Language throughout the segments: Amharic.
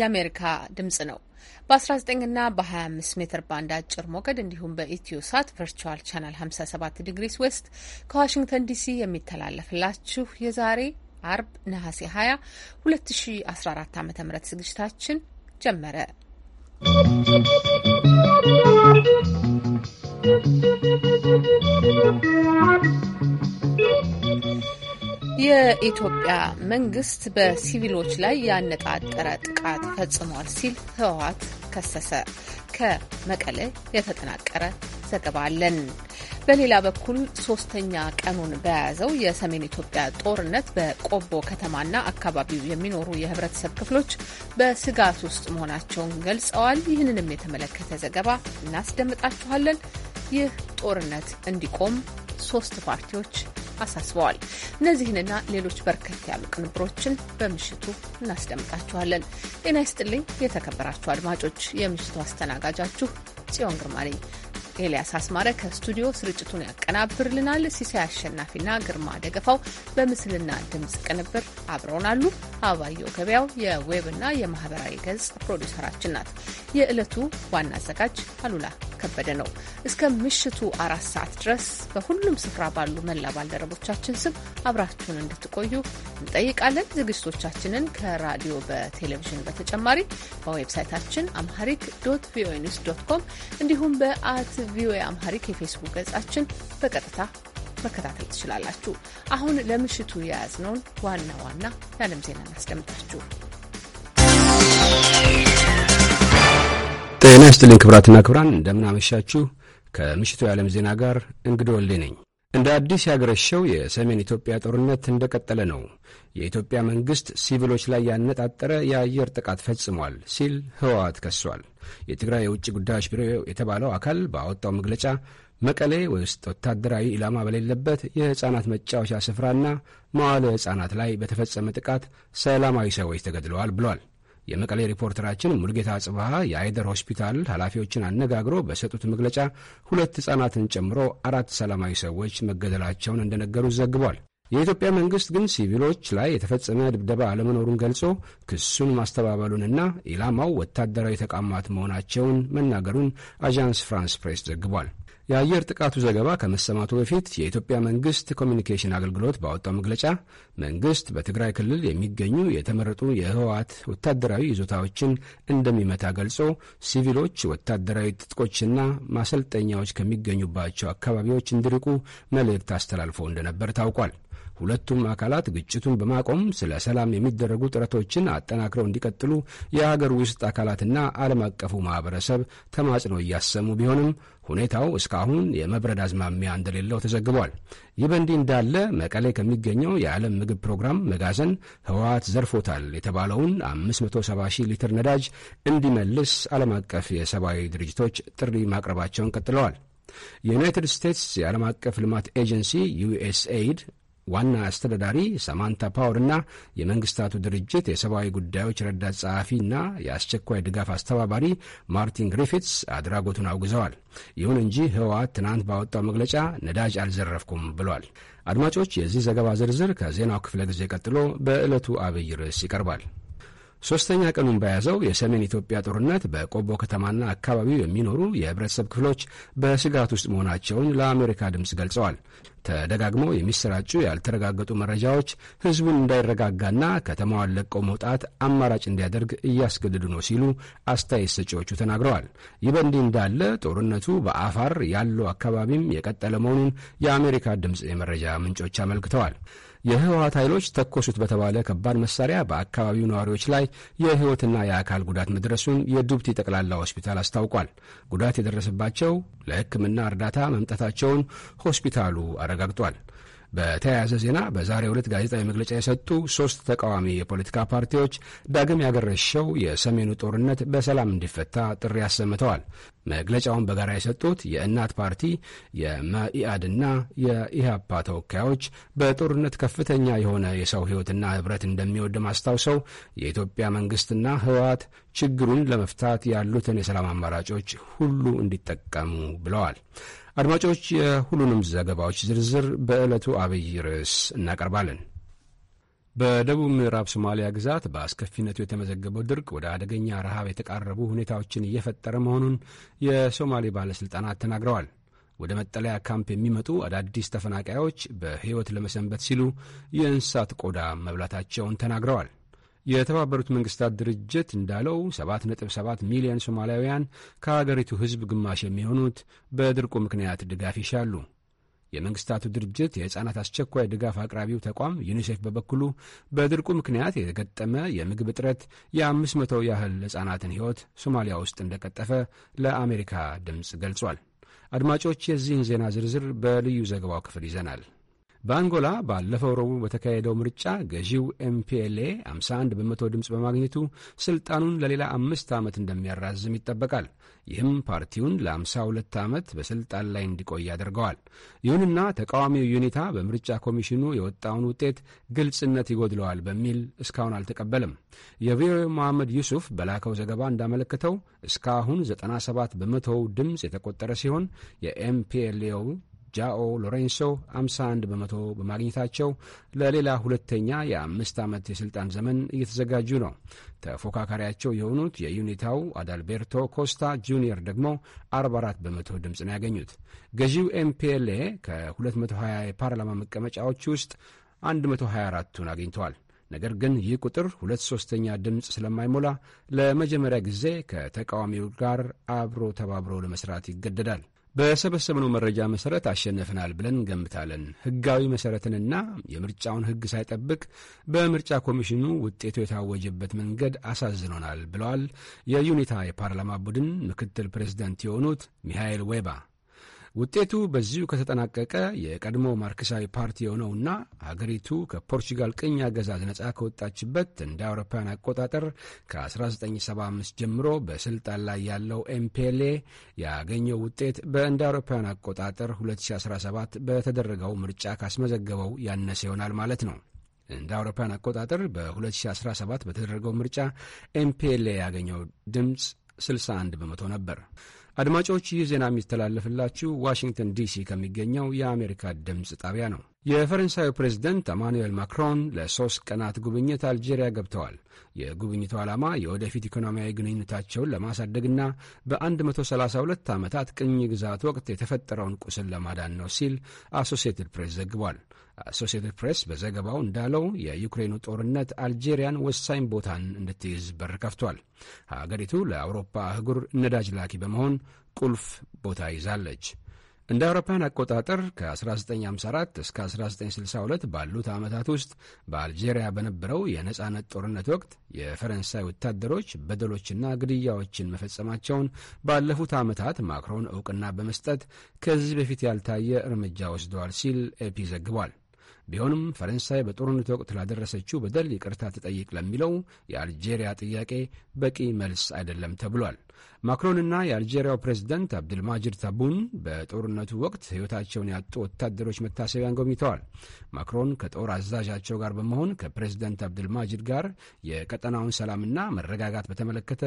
የአሜሪካ ድምጽ ነው። በ19 ና በ25 ሜትር ባንድ አጭር ሞገድ እንዲሁም በኢትዮ ሳት ቨርቹዋል ቻናል 57 ዲግሪስ ዌስት ከዋሽንግተን ዲሲ የሚተላለፍላችሁ የዛሬ አርብ ነሐሴ 20 2014 ዓ ም ዝግጅታችን ጀመረ። የኢትዮጵያ መንግስት በሲቪሎች ላይ ያነጣጠረ ጥቃት ፈጽሟል ሲል ህወሀት ከሰሰ። ከመቀሌ የተጠናቀረ ዘገባ አለን። በሌላ በኩል ሶስተኛ ቀኑን በያዘው የሰሜን ኢትዮጵያ ጦርነት በቆቦ ከተማና አካባቢው የሚኖሩ የህብረተሰብ ክፍሎች በስጋት ውስጥ መሆናቸውን ገልጸዋል። ይህንንም የተመለከተ ዘገባ እናስደምጣችኋለን። ይህ ጦርነት እንዲቆም ሶስት ፓርቲዎች አሳስበዋል። እነዚህንና ሌሎች በርከት ያሉ ቅንብሮችን በምሽቱ እናስደምጣችኋለን። ጤና ይስጥልኝ የተከበራችሁ አድማጮች፣ የምሽቱ አስተናጋጃችሁ ጽዮን ግርማ ነኝ። ኤልያስ አስማረ ከስቱዲዮ ስርጭቱን ያቀናብርልናል። ሲሳይ አሸናፊና ግርማ ደገፋው በምስልና ድምፅ ቅንብር አብረውናሉ። አባየው ገበያው የዌብና የማህበራዊ ገጽ ፕሮዲውሰራችን ናት። የዕለቱ ዋና አዘጋጅ አሉላ ከበደ ነው። እስከ ምሽቱ አራት ሰዓት ድረስ በሁሉም ስፍራ ባሉ መላ ባልደረቦቻችን ስም አብራችሁን እንድትቆዩ እንጠይቃለን። ዝግጅቶቻችንን ከራዲዮ በቴሌቪዥን በተጨማሪ በዌብሳይታችን አምሃሪክ ዶት ቪኦኤ ኒውስ ዶት ኮም እንዲሁም በአት ቪኦኤ አምሃሪክ የፌስቡክ ገጻችን በቀጥታ መከታተል ትችላላችሁ። አሁን ለምሽቱ የያዝነውን ዋና ዋና የዓለም ዜና እናስደምጣችሁ። ጤና ይስጥልኝ ክብራትና ክብራን፣ እንደምን አመሻችሁ። ከምሽቱ የዓለም ዜና ጋር እንግዶ ወልዴ ነኝ። እንደ አዲስ ያገረሸው የሰሜን ኢትዮጵያ ጦርነት እንደቀጠለ ነው። የኢትዮጵያ መንግሥት ሲቪሎች ላይ ያነጣጠረ የአየር ጥቃት ፈጽሟል ሲል ህወሓት ከሷል። የትግራይ የውጭ ጉዳዮች ቢሮ የተባለው አካል ባወጣው መግለጫ መቀሌ ውስጥ ወታደራዊ ኢላማ በሌለበት የሕፃናት መጫወቻ ስፍራና መዋለ ሕፃናት ላይ በተፈጸመ ጥቃት ሰላማዊ ሰዎች ተገድለዋል ብሏል። የመቀሌ ሪፖርተራችን ሙልጌታ ጽብሃ የአይደር ሆስፒታል ኃላፊዎችን አነጋግሮ በሰጡት መግለጫ ሁለት ሕጻናትን ጨምሮ አራት ሰላማዊ ሰዎች መገደላቸውን እንደነገሩ ዘግቧል። የኢትዮጵያ መንግሥት ግን ሲቪሎች ላይ የተፈጸመ ድብደባ አለመኖሩን ገልጾ ክሱን ማስተባበሉንና ኢላማው ወታደራዊ ተቋማት መሆናቸውን መናገሩን አዣንስ ፍራንስ ፕሬስ ዘግቧል። የአየር ጥቃቱ ዘገባ ከመሰማቱ በፊት የኢትዮጵያ መንግስት ኮሚኒኬሽን አገልግሎት ባወጣው መግለጫ መንግስት በትግራይ ክልል የሚገኙ የተመረጡ የህወሓት ወታደራዊ ይዞታዎችን እንደሚመታ ገልጾ ሲቪሎች ወታደራዊ ትጥቆችና ማሰልጠኛዎች ከሚገኙባቸው አካባቢዎች እንዲርቁ መልእክት አስተላልፎ እንደነበር ታውቋል። ሁለቱም አካላት ግጭቱን በማቆም ስለ ሰላም የሚደረጉ ጥረቶችን አጠናክረው እንዲቀጥሉ የሀገር ውስጥ አካላትና ዓለም አቀፉ ማህበረሰብ ተማጽኖ እያሰሙ ቢሆንም ሁኔታው እስካሁን የመብረድ አዝማሚያ እንደሌለው ተዘግቧል። ይህ በእንዲህ እንዳለ መቀሌ ከሚገኘው የዓለም ምግብ ፕሮግራም መጋዘን ህወሓት ዘርፎታል የተባለውን 570 ሺህ ሊትር ነዳጅ እንዲመልስ ዓለም አቀፍ የሰብአዊ ድርጅቶች ጥሪ ማቅረባቸውን ቀጥለዋል። የዩናይትድ ስቴትስ የዓለም አቀፍ ልማት ኤጀንሲ ዩኤስኤይድ ዋና አስተዳዳሪ ሳማንታ ፓወር እና የመንግስታቱ ድርጅት የሰብአዊ ጉዳዮች ረዳት ጸሐፊ እና የአስቸኳይ ድጋፍ አስተባባሪ ማርቲን ግሪፊትስ አድራጎቱን አውግዘዋል። ይሁን እንጂ ህወሓት ትናንት ባወጣው መግለጫ ነዳጅ አልዘረፍኩም ብሏል። አድማጮች፣ የዚህ ዘገባ ዝርዝር ከዜናው ክፍለ ጊዜ ቀጥሎ በዕለቱ አብይ ርዕስ ይቀርባል። ሶስተኛ ቀኑን በያዘው የሰሜን ኢትዮጵያ ጦርነት በቆቦ ከተማና አካባቢው የሚኖሩ የህብረተሰብ ክፍሎች በስጋት ውስጥ መሆናቸውን ለአሜሪካ ድምፅ ገልጸዋል። ተደጋግሞ የሚሰራጩ ያልተረጋገጡ መረጃዎች ህዝቡን እንዳይረጋጋና ከተማዋን ለቀው መውጣት አማራጭ እንዲያደርግ እያስገድዱ ነው ሲሉ አስተያየት ሰጪዎቹ ተናግረዋል። ይህ በእንዲህ እንዳለ ጦርነቱ በአፋር ያለው አካባቢም የቀጠለ መሆኑን የአሜሪካ ድምፅ የመረጃ ምንጮች አመልክተዋል። የህወሀት ኃይሎች ተኮሱት በተባለ ከባድ መሳሪያ በአካባቢው ነዋሪዎች ላይ የህይወትና የአካል ጉዳት መድረሱን የዱብቲ ጠቅላላ ሆስፒታል አስታውቋል። ጉዳት የደረሰባቸው ለሕክምና እርዳታ መምጣታቸውን ሆስፒታሉ አረጋግጧል። በተያያዘ ዜና በዛሬው ዕለት ጋዜጣዊ መግለጫ የሰጡ ሶስት ተቃዋሚ የፖለቲካ ፓርቲዎች ዳግም ያገረሸው የሰሜኑ ጦርነት በሰላም እንዲፈታ ጥሪ አሰምተዋል። መግለጫውን በጋራ የሰጡት የእናት ፓርቲ የመኢአድና የኢህአፓ ተወካዮች በጦርነት ከፍተኛ የሆነ የሰው ሕይወትና ንብረት እንደሚወድም አስታውሰው የኢትዮጵያ መንግስትና ህወሓት ችግሩን ለመፍታት ያሉትን የሰላም አማራጮች ሁሉ እንዲጠቀሙ ብለዋል። አድማጮች፣ የሁሉንም ዘገባዎች ዝርዝር በዕለቱ አብይ ርዕስ እናቀርባለን። በደቡብ ምዕራብ ሶማሊያ ግዛት በአስከፊነቱ የተመዘገበው ድርቅ ወደ አደገኛ ረሃብ የተቃረቡ ሁኔታዎችን እየፈጠረ መሆኑን የሶማሌ ባለሥልጣናት ተናግረዋል። ወደ መጠለያ ካምፕ የሚመጡ አዳዲስ ተፈናቃዮች በሕይወት ለመሰንበት ሲሉ የእንስሳት ቆዳ መብላታቸውን ተናግረዋል። የተባበሩት መንግስታት ድርጅት እንዳለው 7.7 ሚሊዮን ሶማሊያውያን ከአገሪቱ ሕዝብ ግማሽ የሚሆኑት በድርቁ ምክንያት ድጋፍ ይሻሉ። የመንግስታቱ ድርጅት የሕፃናት አስቸኳይ ድጋፍ አቅራቢው ተቋም ዩኒሴፍ በበኩሉ በድርቁ ምክንያት የተገጠመ የምግብ እጥረት የ500 ያህል ሕፃናትን ሕይወት ሶማሊያ ውስጥ እንደቀጠፈ ለአሜሪካ ድምፅ ገልጿል። አድማጮች፣ የዚህን ዜና ዝርዝር በልዩ ዘገባው ክፍል ይዘናል። በአንጎላ ባለፈው ረቡዕ በተካሄደው ምርጫ ገዢው ኤምፒኤልኤ 51 በመቶ ድምፅ በማግኘቱ ስልጣኑን ለሌላ አምስት ዓመት እንደሚያራዝም ይጠበቃል። ይህም ፓርቲውን ለ52 ዓመት በስልጣን ላይ እንዲቆይ ያደርገዋል። ይሁንና ተቃዋሚው ዩኒታ በምርጫ ኮሚሽኑ የወጣውን ውጤት ግልጽነት ይጎድለዋል በሚል እስካሁን አልተቀበለም። የቪኦኤ መሐመድ ዩሱፍ በላከው ዘገባ እንዳመለከተው እስካሁን 97 በመቶው ድምፅ የተቆጠረ ሲሆን የኤምፒኤልኤው ጃኦ ሎሬንሶ 51 በመቶ በማግኘታቸው ለሌላ ሁለተኛ የአምስት ዓመት የሥልጣን ዘመን እየተዘጋጁ ነው። ተፎካካሪያቸው የሆኑት የዩኒታው አዳልቤርቶ ኮስታ ጁኒየር ደግሞ 44 በመቶ ድምፅ ነው ያገኙት። ገዢው ኤምፒኤልኤ ከ220 የፓርላማ መቀመጫዎች ውስጥ 124ቱን አግኝተዋል። ነገር ግን ይህ ቁጥር ሁለት ሶስተኛ ድምፅ ስለማይሞላ ለመጀመሪያ ጊዜ ከተቃዋሚው ጋር አብሮ ተባብሮ ለመስራት ይገደዳል። በሰበሰብነው መረጃ መሰረት አሸነፍናል ብለን እንገምታለን። ህጋዊ መሰረትንና የምርጫውን ህግ ሳይጠብቅ በምርጫ ኮሚሽኑ ውጤቱ የታወጀበት መንገድ አሳዝኖናል ብለዋል የዩኒታ የፓርላማ ቡድን ምክትል ፕሬዚዳንት የሆኑት ሚሃኤል ዌባ። ውጤቱ በዚሁ ከተጠናቀቀ የቀድሞ ማርክሳዊ ፓርቲ የሆነውና ሀገሪቱ ከፖርቹጋል ቅኝ አገዛዝ ነጻ ከወጣችበት እንደ አውሮፓውያን አቆጣጠር ከ1975 ጀምሮ በስልጣን ላይ ያለው ኤምፔሌ ያገኘው ውጤት በእንደ አውሮፓውያን አቆጣጠር 2017 በተደረገው ምርጫ ካስመዘገበው ያነሰ ይሆናል ማለት ነው። እንደ አውሮፓውያን አቆጣጠር በ2017 በተደረገው ምርጫ ኤምፔሌ ያገኘው ድምፅ 61 በመቶ ነበር። አድማጮች ይህ ዜና የሚተላለፍላችሁ ዋሽንግተን ዲሲ ከሚገኘው የአሜሪካ ድምፅ ጣቢያ ነው። የፈረንሳዩ ፕሬዝደንት ኢማኑኤል ማክሮን ለሶስት ቀናት ጉብኝት አልጄሪያ ገብተዋል። የጉብኝቱ ዓላማ የወደፊት ኢኮኖሚያዊ ግንኙነታቸውን ለማሳደግና በ132 ዓመታት ቅኝ ግዛት ወቅት የተፈጠረውን ቁስል ለማዳን ነው ሲል አሶሲየትድ ፕሬስ ዘግቧል። አሶሲየትድ ፕሬስ በዘገባው እንዳለው የዩክሬኑ ጦርነት አልጄሪያን ወሳኝ ቦታን እንድትይዝ በር ከፍቷል። ሀገሪቱ ለአውሮፓ አህጉር ነዳጅ ላኪ በመሆን ቁልፍ ቦታ ይዛለች። እንደ አውሮፓውያን አቆጣጠር ከ1954 እስከ 1962 ባሉት ዓመታት ውስጥ በአልጄሪያ በነበረው የነፃነት ጦርነት ወቅት የፈረንሳይ ወታደሮች በደሎችና ግድያዎችን መፈጸማቸውን ባለፉት ዓመታት ማክሮን ዕውቅና በመስጠት ከዚህ በፊት ያልታየ እርምጃ ወስደዋል ሲል ኤፒ ዘግቧል። ቢሆንም ፈረንሳይ በጦርነት ወቅት ላደረሰችው በደል ይቅርታ ትጠይቅ ለሚለው የአልጄሪያ ጥያቄ በቂ መልስ አይደለም ተብሏል። ማክሮንና የአልጄሪያው ፕሬዚደንት አብድልማጅድ ታቡን በጦርነቱ ወቅት ሕይወታቸውን ያጡ ወታደሮች መታሰቢያን ጎብኝተዋል። ማክሮን ከጦር አዛዣቸው ጋር በመሆን ከፕሬዚደንት አብድልማጅድ ጋር የቀጠናውን ሰላምና መረጋጋት በተመለከተ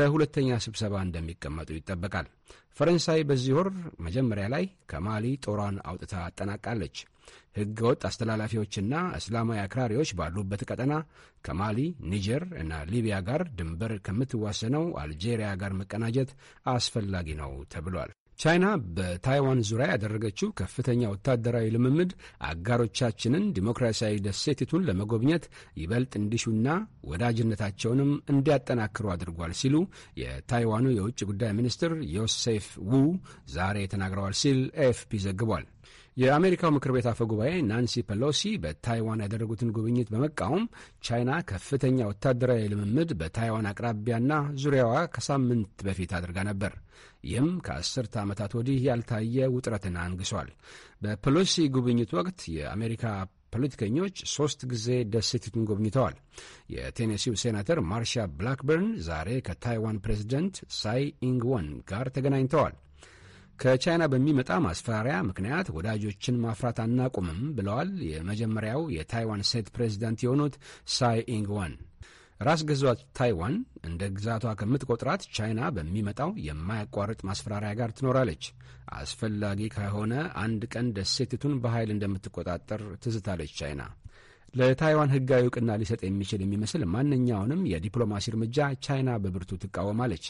ለሁለተኛ ስብሰባ እንደሚቀመጡ ይጠበቃል። ፈረንሳይ በዚህ ወር መጀመሪያ ላይ ከማሊ ጦሯን አውጥታ አጠናቃለች። ህገወጥ አስተላላፊዎችና እስላማዊ አክራሪዎች ባሉበት ቀጠና ከማሊ፣ ኒጀር እና ሊቢያ ጋር ድንበር ከምትዋሰነው አልጄሪያ ጋር መቀናጀት አስፈላጊ ነው ተብሏል። ቻይና በታይዋን ዙሪያ ያደረገችው ከፍተኛ ወታደራዊ ልምምድ አጋሮቻችንን ዲሞክራሲያዊ ደሴቲቱን ለመጎብኘት ይበልጥ እንዲሹና ወዳጅነታቸውንም እንዲያጠናክሩ አድርጓል ሲሉ የታይዋኑ የውጭ ጉዳይ ሚኒስትር ዮሴፍ ዉ ዛሬ ተናግረዋል ሲል ኤኤፍፒ ዘግቧል። የአሜሪካው ምክር ቤት አፈ ጉባኤ ናንሲ ፐሎሲ በታይዋን ያደረጉትን ጉብኝት በመቃወም ቻይና ከፍተኛ ወታደራዊ ልምምድ በታይዋን አቅራቢያና ዙሪያዋ ከሳምንት በፊት አድርጋ ነበር። ይህም ከአስርተ ዓመታት ወዲህ ያልታየ ውጥረትን አንግሷል። በፐሎሲ ጉብኝት ወቅት የአሜሪካ ፖለቲከኞች ሶስት ጊዜ ደሴቲቱን ጎብኝተዋል። የቴኔሲው ሴናተር ማርሻ ብላክበርን ዛሬ ከታይዋን ፕሬዚደንት ሳይ ኢንግወን ጋር ተገናኝተዋል። ከቻይና በሚመጣ ማስፈራሪያ ምክንያት ወዳጆችን ማፍራት አናቁምም ብለዋል የመጀመሪያው የታይዋን ሴት ፕሬዚዳንት የሆኑት ሳይ ኢንግዋን። ራስ ገዛት ታይዋን እንደ ግዛቷ ከምትቆጥራት ቻይና በሚመጣው የማያቋርጥ ማስፈራሪያ ጋር ትኖራለች። አስፈላጊ ከሆነ አንድ ቀን ደሴቲቱን በኃይል እንደምትቆጣጠር ትዝታለች ቻይና። ለታይዋን ሕጋዊ እውቅና ሊሰጥ የሚችል የሚመስል ማንኛውንም የዲፕሎማሲ እርምጃ ቻይና በብርቱ ትቃወማለች።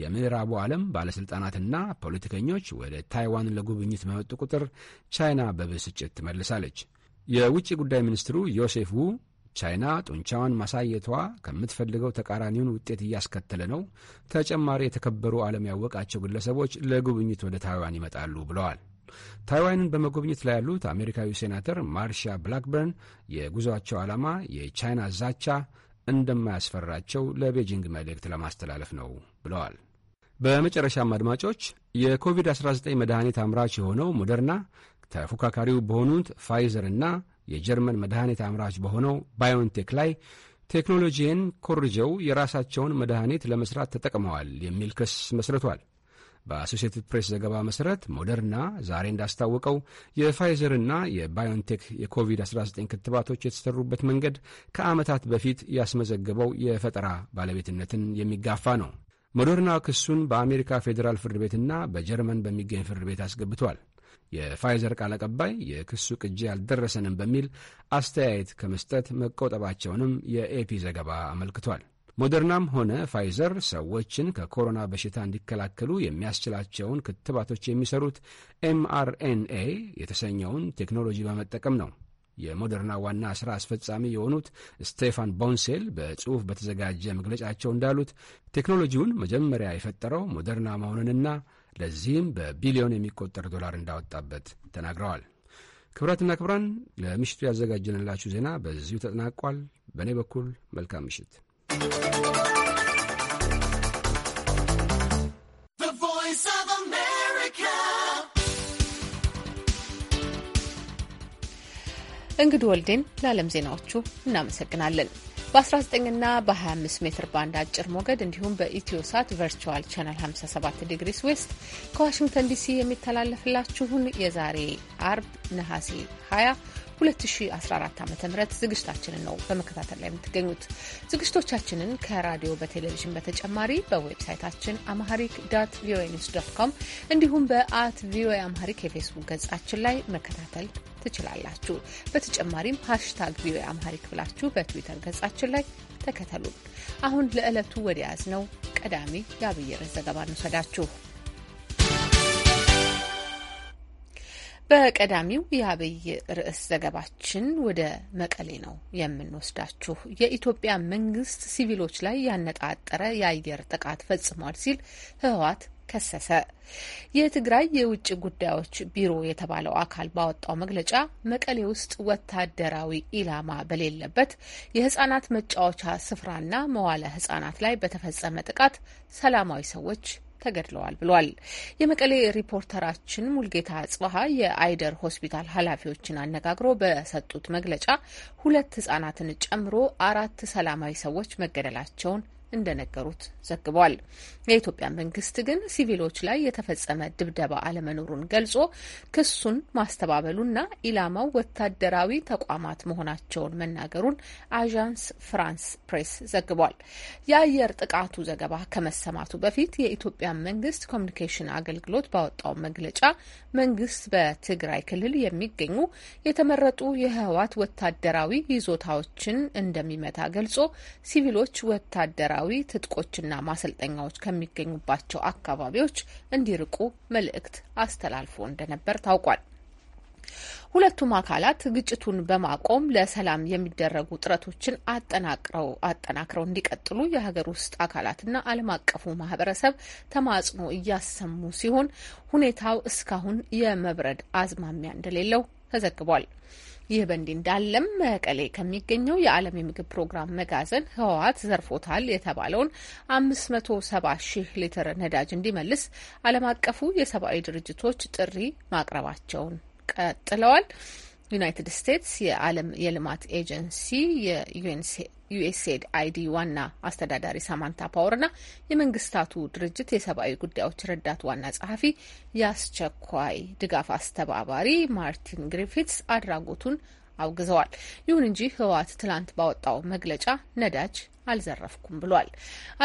የምዕራቡ ዓለም ባለሥልጣናትና ፖለቲከኞች ወደ ታይዋን ለጉብኝት በመጡ ቁጥር ቻይና በብስጭት ትመልሳለች። የውጭ ጉዳይ ሚኒስትሩ ዮሴፍ ዉ ቻይና ጡንቻዋን ማሳየቷ ከምትፈልገው ተቃራኒውን ውጤት እያስከተለ ነው፣ ተጨማሪ የተከበሩ ዓለም ያወቃቸው ግለሰቦች ለጉብኝት ወደ ታይዋን ይመጣሉ ብለዋል። ታይዋንን በመጎብኘት ላይ ያሉት አሜሪካዊ ሴናተር ማርሻ ብላክበርን የጉዞአቸው ዓላማ የቻይና ዛቻ እንደማያስፈራቸው ለቤጂንግ መልእክት ለማስተላለፍ ነው ብለዋል። በመጨረሻም አድማጮች የኮቪድ-19 መድኃኒት አምራች የሆነው ሞደርና ተፎካካሪው በሆኑት ፋይዘር እና የጀርመን መድኃኒት አምራች በሆነው ባዮንቴክ ላይ ቴክኖሎጂን ኮርጀው የራሳቸውን መድኃኒት ለመስራት ተጠቅመዋል የሚል ክስ መስርቷል። በአሶሴትድ ፕሬስ ዘገባ መሠረት ሞደርና ዛሬ እንዳስታወቀው የፋይዘርና የባዮንቴክ የኮቪድ-19 ክትባቶች የተሰሩበት መንገድ ከዓመታት በፊት ያስመዘገበው የፈጠራ ባለቤትነትን የሚጋፋ ነው። ሞደርና ክሱን በአሜሪካ ፌዴራል ፍርድ ቤትና በጀርመን በሚገኝ ፍርድ ቤት አስገብቷል። የፋይዘር ቃል አቀባይ የክሱ ቅጂ አልደረሰንም በሚል አስተያየት ከመስጠት መቆጠባቸውንም የኤፒ ዘገባ አመልክቷል። ሞደርናም ሆነ ፋይዘር ሰዎችን ከኮሮና በሽታ እንዲከላከሉ የሚያስችላቸውን ክትባቶች የሚሰሩት ኤምአርኤንኤ የተሰኘውን ቴክኖሎጂ በመጠቀም ነው። የሞደርና ዋና ሥራ አስፈጻሚ የሆኑት ስቴፋን ቦንሴል በጽሑፍ በተዘጋጀ መግለጫቸው እንዳሉት ቴክኖሎጂውን መጀመሪያ የፈጠረው ሞደርና መሆኑንና ለዚህም በቢሊዮን የሚቆጠር ዶላር እንዳወጣበት ተናግረዋል። ክብራትና ክብራን ለምሽቱ ያዘጋጀንላችሁ ዜና በዚሁ ተጠናቋል። በእኔ በኩል መልካም ምሽት። እንግዲህ ወልዴን ለዓለም ዜናዎቹ እናመሰግናለን። በ19 ና በ25 ሜትር ባንድ አጭር ሞገድ እንዲሁም በኢትዮ ሳት ቨርቹዋል ቻናል 57 ዲግሪስ ዌስት ከዋሽንግተን ዲሲ የሚተላለፍላችሁን የዛሬ አርብ ነሐሴ 20 2014 ዓ ም ዝግጅታችንን ነው በመከታተል ላይ የምትገኙት። ዝግጅቶቻችንን ከራዲዮ በቴሌቪዥን በተጨማሪ በዌብሳይታችን አማሪክ ዳት ቪኦኤ ኒውስ ዳት ኮም እንዲሁም በአት ቪኦኤ አማሪክ የፌስቡክ ገጻችን ላይ መከታተል ትችላላችሁ። በተጨማሪም ሃሽታግ ቪኦኤ አማሪክ ብላችሁ በትዊተር ገጻችን ላይ ተከተሉን። አሁን ለዕለቱ ወደ ያዝ ነው ቀዳሚ የአብየር ዘገባ እንውሰዳችሁ። በቀዳሚው የአብይ ርዕስ ዘገባችን ወደ መቀሌ ነው የምንወስዳችሁ። የኢትዮጵያ መንግስት ሲቪሎች ላይ ያነጣጠረ የአየር ጥቃት ፈጽሟል ሲል ህወሓት ከሰሰ። የትግራይ የውጭ ጉዳዮች ቢሮ የተባለው አካል ባወጣው መግለጫ መቀሌ ውስጥ ወታደራዊ ኢላማ በሌለበት የህጻናት መጫወቻ ስፍራና መዋለ ህጻናት ላይ በተፈጸመ ጥቃት ሰላማዊ ሰዎች ተገድለዋል ብሏል። የመቀሌ ሪፖርተራችን ሙልጌታ ጽበሀ የአይደር ሆስፒታል ኃላፊዎችን አነጋግሮ በሰጡት መግለጫ ሁለት ህጻናትን ጨምሮ አራት ሰላማዊ ሰዎች መገደላቸውን እንደነገሩት ዘግቧል። የኢትዮጵያ መንግስት ግን ሲቪሎች ላይ የተፈጸመ ድብደባ አለመኖሩን ገልጾ ክሱን ማስተባበሉና ኢላማው ወታደራዊ ተቋማት መሆናቸውን መናገሩን አዣንስ ፍራንስ ፕሬስ ዘግቧል። የአየር ጥቃቱ ዘገባ ከመሰማቱ በፊት የኢትዮጵያ መንግስት ኮሚኒኬሽን አገልግሎት ባወጣው መግለጫ መንግስት በትግራይ ክልል የሚገኙ የተመረጡ የህወሓት ወታደራዊ ይዞታዎችን እንደሚመታ ገልጾ ሲቪሎች ወታደራዊ ወታደራዊ ትጥቆችና ማሰልጠኛዎች ከሚገኙባቸው አካባቢዎች እንዲርቁ መልእክት አስተላልፎ እንደነበር ታውቋል። ሁለቱም አካላት ግጭቱን በማቆም ለሰላም የሚደረጉ ጥረቶችን አጠናቅረው አጠናክረው እንዲቀጥሉ የሀገር ውስጥ አካላትና ዓለም አቀፉ ማህበረሰብ ተማጽኖ እያሰሙ ሲሆን ሁኔታው እስካሁን የመብረድ አዝማሚያ እንደሌለው ተዘግቧል። ይህ በእንዲህ እንዳለም መቀሌ ከሚገኘው የዓለም የምግብ ፕሮግራም መጋዘን ህወሓት ዘርፎታል የተባለውን አምስት መቶ ሰባ ሺህ ሊትር ነዳጅ እንዲመልስ ዓለም አቀፉ የሰብአዊ ድርጅቶች ጥሪ ማቅረባቸውን ቀጥለዋል። ዩናይትድ ስቴትስ የዓለም የልማት ኤጀንሲ የዩኤንሲ ዩኤስኤድ አይዲ ዋና አስተዳዳሪ ሳማንታ ፓወርና የመንግስታቱ ድርጅት የሰብአዊ ጉዳዮች ረዳት ዋና ጸሐፊ የአስቸኳይ ድጋፍ አስተባባሪ ማርቲን ግሪፊትስ አድራጎቱን አውግዘዋል። ይሁን እንጂ ህወሓት ትላንት ባወጣው መግለጫ ነዳጅ አልዘረፍኩም ብሏል።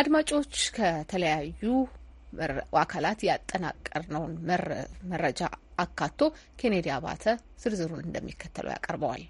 አድማጮች ከተለያዩ አካላት ያጠናቀርነውን መረጃ አካቶ ኬኔዲ አባተ ዝርዝሩን እንደሚከተለው ያቀርበዋል።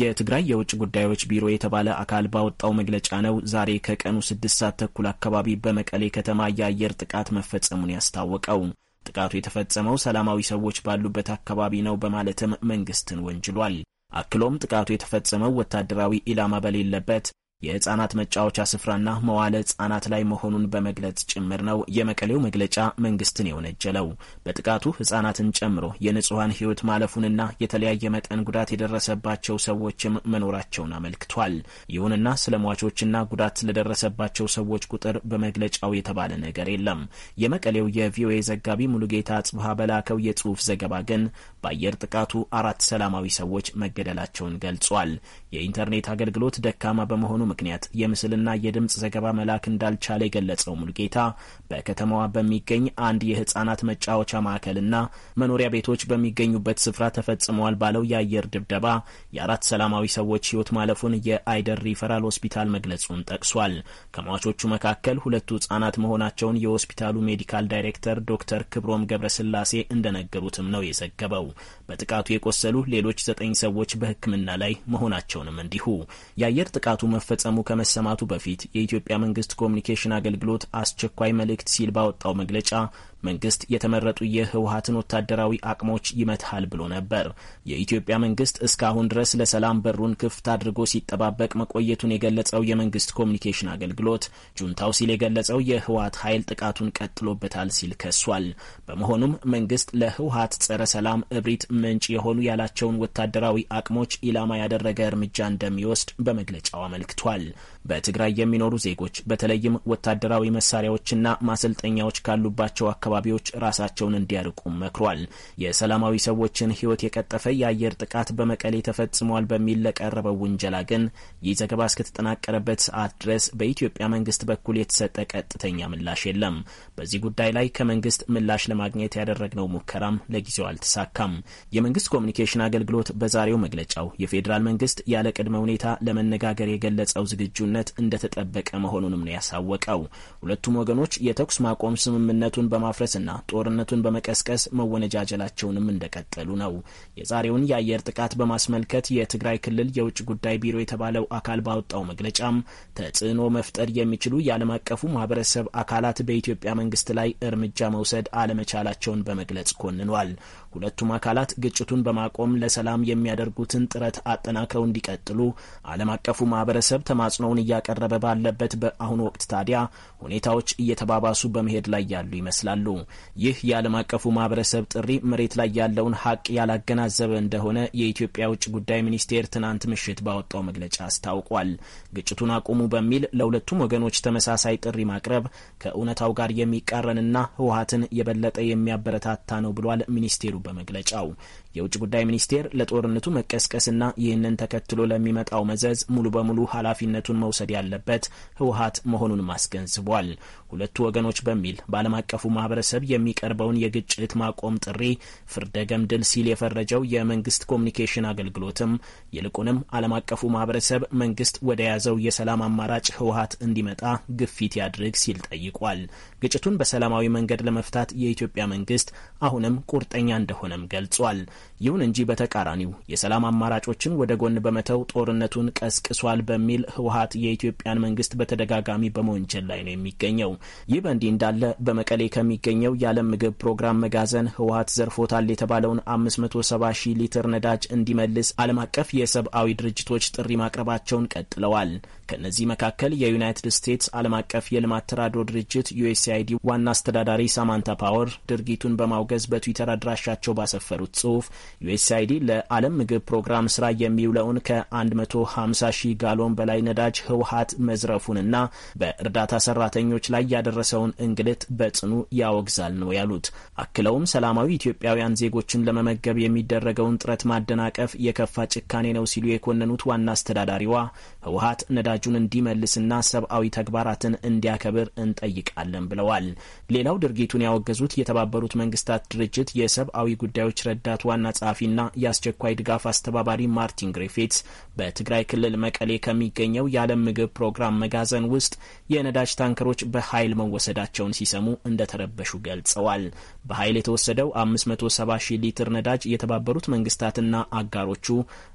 የትግራይ የውጭ ጉዳዮች ቢሮ የተባለ አካል ባወጣው መግለጫ ነው ዛሬ ከቀኑ ስድስት ሰዓት ተኩል አካባቢ በመቀሌ ከተማ የአየር ጥቃት መፈጸሙን ያስታወቀው። ጥቃቱ የተፈጸመው ሰላማዊ ሰዎች ባሉበት አካባቢ ነው በማለትም መንግስትን ወንጅሏል። አክሎም ጥቃቱ የተፈጸመው ወታደራዊ ኢላማ በሌለበት የህጻናት መጫወቻ ስፍራና መዋለ ህጻናት ላይ መሆኑን በመግለጽ ጭምር ነው የመቀሌው መግለጫ መንግስትን የወነጀለው። በጥቃቱ ህጻናትን ጨምሮ የንጹሐን ህይወት ማለፉንና የተለያየ መጠን ጉዳት የደረሰባቸው ሰዎችም መኖራቸውን አመልክቷል። ይሁንና ስለ ሟቾችና ጉዳት ስለደረሰባቸው ሰዎች ቁጥር በመግለጫው የተባለ ነገር የለም። የመቀሌው የቪኦኤ ዘጋቢ ሙሉጌታ አጽብሃ በላከው የጽሁፍ ዘገባ ግን በአየር ጥቃቱ አራት ሰላማዊ ሰዎች መገደላቸውን ገልጿል። የኢንተርኔት አገልግሎት ደካማ በመሆኑ ምክንያት የምስልና የድምፅ ዘገባ መላክ እንዳልቻለ የገለጸው ሙልጌታ በከተማዋ በሚገኝ አንድ የህጻናት መጫወቻ ማዕከልና መኖሪያ ቤቶች በሚገኙበት ስፍራ ተፈጽመዋል ባለው የአየር ድብደባ የአራት ሰላማዊ ሰዎች ህይወት ማለፉን የአይደር ሪፈራል ሆስፒታል መግለጹን ጠቅሷል። ከሟቾቹ መካከል ሁለቱ ህጻናት መሆናቸውን የሆስፒታሉ ሜዲካል ዳይሬክተር ዶክተር ክብሮም ገብረስላሴ እንደነገሩትም ነው የዘገበው። በጥቃቱ የቆሰሉ ሌሎች ዘጠኝ ሰዎች በሕክምና ላይ መሆናቸውንም እንዲሁ የአየር ጥቃቱ መፈጸሙ ከመሰማቱ በፊት የኢትዮጵያ መንግስት ኮሚኒኬሽን አገልግሎት አስቸኳይ መልእክት ሲል ባወጣው መግለጫ መንግስት የተመረጡ የህወሀትን ወታደራዊ አቅሞች ይመትሃል ብሎ ነበር። የኢትዮጵያ መንግስት እስካሁን ድረስ ለሰላም በሩን ክፍት አድርጎ ሲጠባበቅ መቆየቱን የገለጸው የመንግስት ኮሚኒኬሽን አገልግሎት ጁንታው ሲል የገለጸው የህወሀት ኃይል ጥቃቱን ቀጥሎበታል ሲል ከሷል። በመሆኑም መንግስት ለህወሀት ጸረ ሰላም እብሪት ምንጭ የሆኑ ያላቸውን ወታደራዊ አቅሞች ኢላማ ያደረገ እርምጃ እንደሚወስድ በመግለጫው አመልክቷል። በትግራይ የሚኖሩ ዜጎች በተለይም ወታደራዊ መሳሪያዎችና ማሰልጠኛዎች ካሉባቸው አካባቢ አካባቢዎች ራሳቸውን እንዲያርቁም መክሯል። የሰላማዊ ሰዎችን ሕይወት የቀጠፈ የአየር ጥቃት በመቀሌ ተፈጽሟል በሚል ለቀረበው ውንጀላ ግን ይህ ዘገባ እስከተጠናቀረበት ሰዓት ድረስ በኢትዮጵያ መንግስት በኩል የተሰጠ ቀጥተኛ ምላሽ የለም። በዚህ ጉዳይ ላይ ከመንግስት ምላሽ ለማግኘት ያደረግነው ሙከራም ለጊዜው አልተሳካም። የመንግስት ኮሚኒኬሽን አገልግሎት በዛሬው መግለጫው የፌዴራል መንግስት ያለ ቅድመ ሁኔታ ለመነጋገር የገለጸው ዝግጁነት እንደተጠበቀ መሆኑንም ነው ያሳወቀው። ሁለቱም ወገኖች የተኩስ ማቆም ስምምነቱን በማፍ በማፍረስና ጦርነቱን በመቀስቀስ መወነጃጀላቸውንም እንደቀጠሉ ነው። የዛሬውን የአየር ጥቃት በማስመልከት የትግራይ ክልል የውጭ ጉዳይ ቢሮ የተባለው አካል ባወጣው መግለጫም ተጽዕኖ መፍጠር የሚችሉ የዓለም አቀፉ ማህበረሰብ አካላት በኢትዮጵያ መንግስት ላይ እርምጃ መውሰድ አለመቻላቸውን በመግለጽ ኮንኗል። ሁለቱም አካላት ግጭቱን በማቆም ለሰላም የሚያደርጉትን ጥረት አጠናክረው እንዲቀጥሉ ዓለም አቀፉ ማህበረሰብ ተማጽኖውን እያቀረበ ባለበት በአሁኑ ወቅት ታዲያ ሁኔታዎች እየተባባሱ በመሄድ ላይ ያሉ ይመስላሉ። ይላሉ። ይህ የዓለም አቀፉ ማህበረሰብ ጥሪ መሬት ላይ ያለውን ሀቅ ያላገናዘበ እንደሆነ የኢትዮጵያ ውጭ ጉዳይ ሚኒስቴር ትናንት ምሽት ባወጣው መግለጫ አስታውቋል። ግጭቱን አቁሙ በሚል ለሁለቱም ወገኖች ተመሳሳይ ጥሪ ማቅረብ ከእውነታው ጋር የሚቃረንና ህወሀትን የበለጠ የሚያበረታታ ነው ብሏል ሚኒስቴሩ በመግለጫው። የውጭ ጉዳይ ሚኒስቴር ለጦርነቱ መቀስቀስና ይህንን ተከትሎ ለሚመጣው መዘዝ ሙሉ በሙሉ ኃላፊነቱን መውሰድ ያለበት ህወሀት መሆኑን አስገንዝቧል። ሁለቱ ወገኖች በሚል በዓለም አቀፉ ማህበረሰብ የሚቀርበውን የግጭት ማቆም ጥሪ ፍርደ ገምድል ሲል የፈረጀው የመንግስት ኮሚኒኬሽን አገልግሎትም ይልቁንም ዓለም አቀፉ ማህበረሰብ መንግስት ወደ ያዘው የሰላም አማራጭ ህወሀት እንዲመጣ ግፊት ያድርግ ሲል ጠይቋል። ግጭቱን በሰላማዊ መንገድ ለመፍታት የኢትዮጵያ መንግስት አሁንም ቁርጠኛ እንደሆነም ገልጿል። ይሁን እንጂ በተቃራኒው የሰላም አማራጮችን ወደ ጎን በመተው ጦርነቱን ቀስቅሷል በሚል ህወሀት የኢትዮጵያን መንግስት በተደጋጋሚ በመወንጀል ላይ ነው የሚገኘው። ይህ በእንዲህ እንዳለ በመቀሌ ከሚገኘው የዓለም ምግብ ፕሮግራም መጋዘን ህወሀት ዘርፎታል የተባለውን 570 ሺህ ሊትር ነዳጅ እንዲመልስ ዓለም አቀፍ የሰብአዊ ድርጅቶች ጥሪ ማቅረባቸውን ቀጥለዋል። ከእነዚህ መካከል የዩናይትድ ስቴትስ ዓለም አቀፍ የልማት ተራድኦ ድርጅት ዩኤስአይዲ ዋና አስተዳዳሪ ሳማንታ ፓወር ድርጊቱን በማውገዝ በትዊተር አድራሻቸው ባሰፈሩት ጽሁፍ ዩኤስአይዲ ለዓለም ምግብ ፕሮግራም ስራ የሚውለውን ከ150 ሺህ ጋሎን በላይ ነዳጅ ህወሀት መዝረፉንና በእርዳታ ሰራተኞች ላይ ያደረሰውን እንግልት በጽኑ ያወግዛል ነው ያሉት። አክለውም ሰላማዊ ኢትዮጵያውያን ዜጎችን ለመመገብ የሚደረገውን ጥረት ማደናቀፍ የከፋ ጭካኔ ነው ሲሉ የኮነኑት ዋና አስተዳዳሪዋ ህወሀት ነዳጁን እንዲመልስና ሰብአዊ ተግባራትን እንዲያከብር እንጠይቃለን ብለዋል። ሌላው ድርጊቱን ያወገዙት የተባበሩት መንግስታት ድርጅት የሰብአዊ ጉዳዮች ረዳት ዋና ጸሐፊና የአስቸኳይ ድጋፍ አስተባባሪ ማርቲን ግሪፊትስ በትግራይ ክልል መቀሌ ከሚገኘው የዓለም ምግብ ፕሮግራም መጋዘን ውስጥ የነዳጅ ታንከሮች በኃይል መወሰዳቸውን ሲሰሙ እንደተረበሹ ገልጸዋል። በኃይል የተወሰደው 570 ሺህ ሊትር ነዳጅ የተባበሩት መንግስታትና አጋሮቹ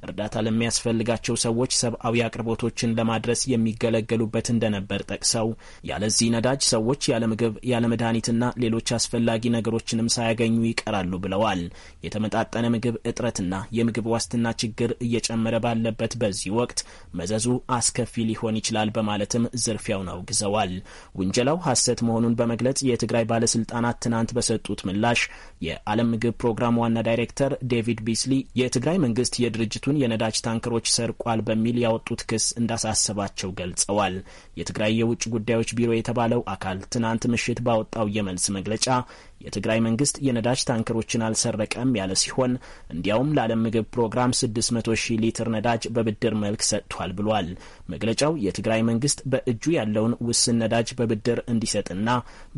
እርዳታ ለሚያስፈልጋቸው ሰዎች ሰብአዊ አቅርቦቶችን ለማድረስ የሚገለገሉበት እንደነበር ጠቅሰው ያለዚህ ነዳጅ ሰዎች ያለ ምግብ፣ ያለ መድኃኒትና ሌሎች አስፈላጊ ነገሮችንም ሳያገኙ ይቀራሉ ብለዋል። የተመጣጠ የተመጣጠነ ምግብ እጥረትና የምግብ ዋስትና ችግር እየጨመረ ባለበት በዚህ ወቅት መዘዙ አስከፊ ሊሆን ይችላል በማለትም ዝርፊያውን አውግዘዋል። ውንጀላው ሐሰት መሆኑን በመግለጽ የትግራይ ባለስልጣናት ትናንት በሰጡት ምላሽ የዓለም ምግብ ፕሮግራም ዋና ዳይሬክተር ዴቪድ ቢስሊ የትግራይ መንግስት የድርጅቱን የነዳጅ ታንከሮች ሰርቋል በሚል ያወጡት ክስ እንዳሳሰባቸው ገልጸዋል። የትግራይ የውጭ ጉዳዮች ቢሮ የተባለው አካል ትናንት ምሽት ባወጣው የመልስ መግለጫ የትግራይ መንግስት የነዳጅ ታንከሮችን አልሰረቀም ያለ ሲሆን እንዲያውም ለዓለም ምግብ ፕሮግራም 600 ሺህ ሊትር ነዳጅ በብድር መልክ ሰጥቷል ብሏል። መግለጫው የትግራይ መንግስት በእጁ ያለውን ውስን ነዳጅ በብድር እንዲሰጥና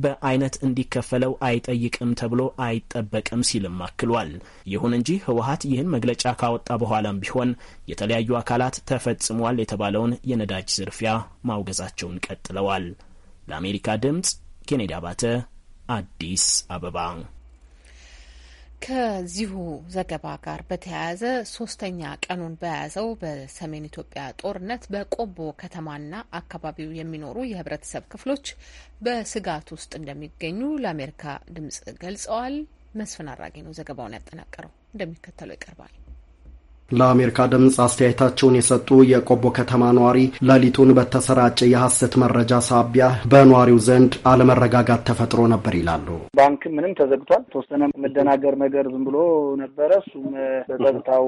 በአይነት እንዲከፈለው አይጠይቅም ተብሎ አይጠበቅም ሲልም አክሏል። ይሁን እንጂ ህወሀት ይህን መግለጫ ካወጣ በኋላም ቢሆን የተለያዩ አካላት ተፈጽሟል የተባለውን የነዳጅ ዝርፊያ ማውገዛቸውን ቀጥለዋል። ለአሜሪካ ድምጽ ኬኔዲ አባተ አዲስ አበባ። ከዚሁ ዘገባ ጋር በተያያዘ ሶስተኛ ቀኑን በያዘው በሰሜን ኢትዮጵያ ጦርነት በቆቦ ከተማና አካባቢው የሚኖሩ የህብረተሰብ ክፍሎች በስጋት ውስጥ እንደሚገኙ ለአሜሪካ ድምጽ ገልጸዋል። መስፍን አራጌ ነው ዘገባውን ያጠናቀረው፣ እንደሚከተለው ይቀርባል። ለአሜሪካ ድምፅ አስተያየታቸውን የሰጡ የቆቦ ከተማ ነዋሪ ሌሊቱን በተሰራጨ የሐሰት መረጃ ሳቢያ በነዋሪው ዘንድ አለመረጋጋት ተፈጥሮ ነበር ይላሉ። ባንክ ምንም ተዘግቷል። ተወሰነ መደናገር ነገር ዝም ብሎ ነበረ። እሱም በጸጥታው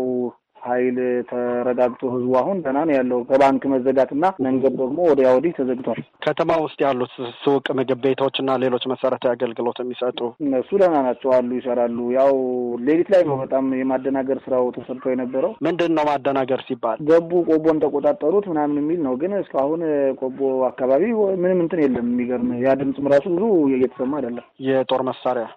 ኃይል ተረጋግጦ ህዝቡ አሁን ደህና ነው ያለው። ከባንክ መዘጋትና መንገድ ደግሞ ወዲያ ወዲህ ተዘግቷል። ከተማ ውስጥ ያሉት ሱቅ፣ ምግብ እና ሌሎች መሰረታዊ አገልግሎት የሚሰጡ እነሱ ደህና ናቸው አሉ፣ ይሰራሉ። ያው ሌሊት ላይ ነው በጣም የማደናገር ስራው ተሰርቶ የነበረው። ምንድን ነው ማደናገር ሲባል ገቡ ቆቦን ተቆጣጠሩት ምናምን የሚል ነው። ግን እስካሁን ቆቦ አካባቢ ምንም እንትን የለም። የሚገርም ያ ድምፅም ራሱ ብዙ እየተሰማ አይደለም የጦር መሳሪያ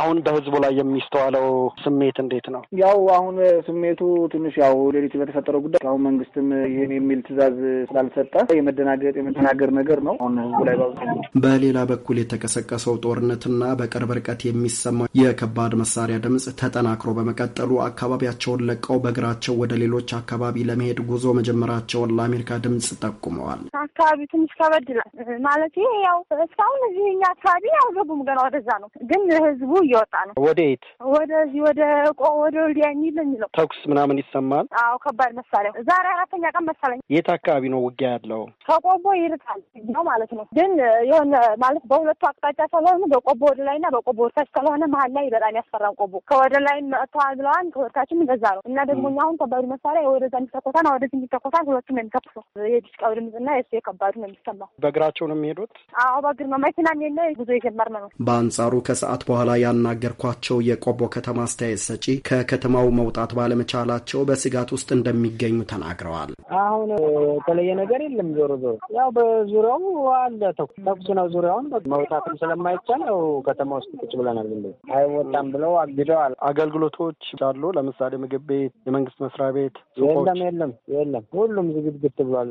አሁን በህዝቡ ላይ የሚስተዋለው ስሜት እንዴት ነው? ያው አሁን ስሜቱ ትንሽ ያው ሌሊት በተፈጠረው ጉዳይ አሁን መንግስትም ይህን የሚል ትዕዛዝ ስላልሰጠ የመደናገጥ የመደናገር ነገር ነው አሁን ህዝቡ ላይ ባሉ። በሌላ በኩል የተቀሰቀሰው ጦርነትና በቅርብ ርቀት የሚሰማው የከባድ መሳሪያ ድምፅ ተጠናክሮ በመቀጠሉ አካባቢያቸውን ለቀው በእግራቸው ወደ ሌሎች አካባቢ ለመሄድ ጉዞ መጀመራቸውን ለአሜሪካ ድምፅ ጠቁመዋል። አካባቢ ትንሽ ከበድ ይላል ማለት ያው እስካሁን እዚህ እኛ አካባቢ አልገቡም ገና ወደዛ ነው ግን ህዝቡ እየወጣ ነው። ወዴት? ወደዚህ ወደ ቆ ወደ ወልዲያ የሚል የሚለው ተኩስ ምናምን ይሰማል። አዎ ከባድ መሳሪያ ዛሬ አራተኛ ቀን መሰለኝ የት አካባቢ ነው ውጊያ ያለው? ከቆቦ ይርቃል ነው ማለት ነው። ግን የሆነ ማለት በሁለቱ አቅጣጫ ስለሆነ በቆቦ ወደ ላይ በቆቦ ወርታች ስለሆነ መሀል ላይ በጣም ያስፈራል። ቆቦ ከወደ ላይ መጥተዋል ብለዋል። ከወርታችም እንደዛ ነው እና ደግሞ እኛ አሁን ከባዱ መሳሪያ ወደዛ የሚተኮሳን ወደዚህ የሚተኮሳን ሁለቱም የሚተኩሰው የዲስቃው ድምፅና የሱ የከባዱ ነው የሚሰማው። በእግራቸው ነው የሚሄዱት? አዎ በእግር ነው። መኪናም የለ ጉዞ የጀመርነው ነው። በአንጻሩ ከሰዓት በኋላ ያናገርኳቸው የቆቦ ከተማ አስተያየት ሰጪ ከከተማው መውጣት ባለመቻላቸው በስጋት ውስጥ እንደሚገኙ ተናግረዋል። አሁን የተለየ ነገር የለም። ዞሮ ዞሮ ያው በዙሪያው አለ ተኩስ ነው። ዙሪያውን መውጣትም ስለማይቻል ያው ከተማ ውስጥ ቁጭ ብለናል። አይወጣም ብለው አግደዋል። አገልግሎቶች አሉ። ለምሳሌ ምግብ ቤት፣ የመንግስት መስሪያ ቤት የለም የለም የለም። ሁሉም ዝግጅት ብሏል።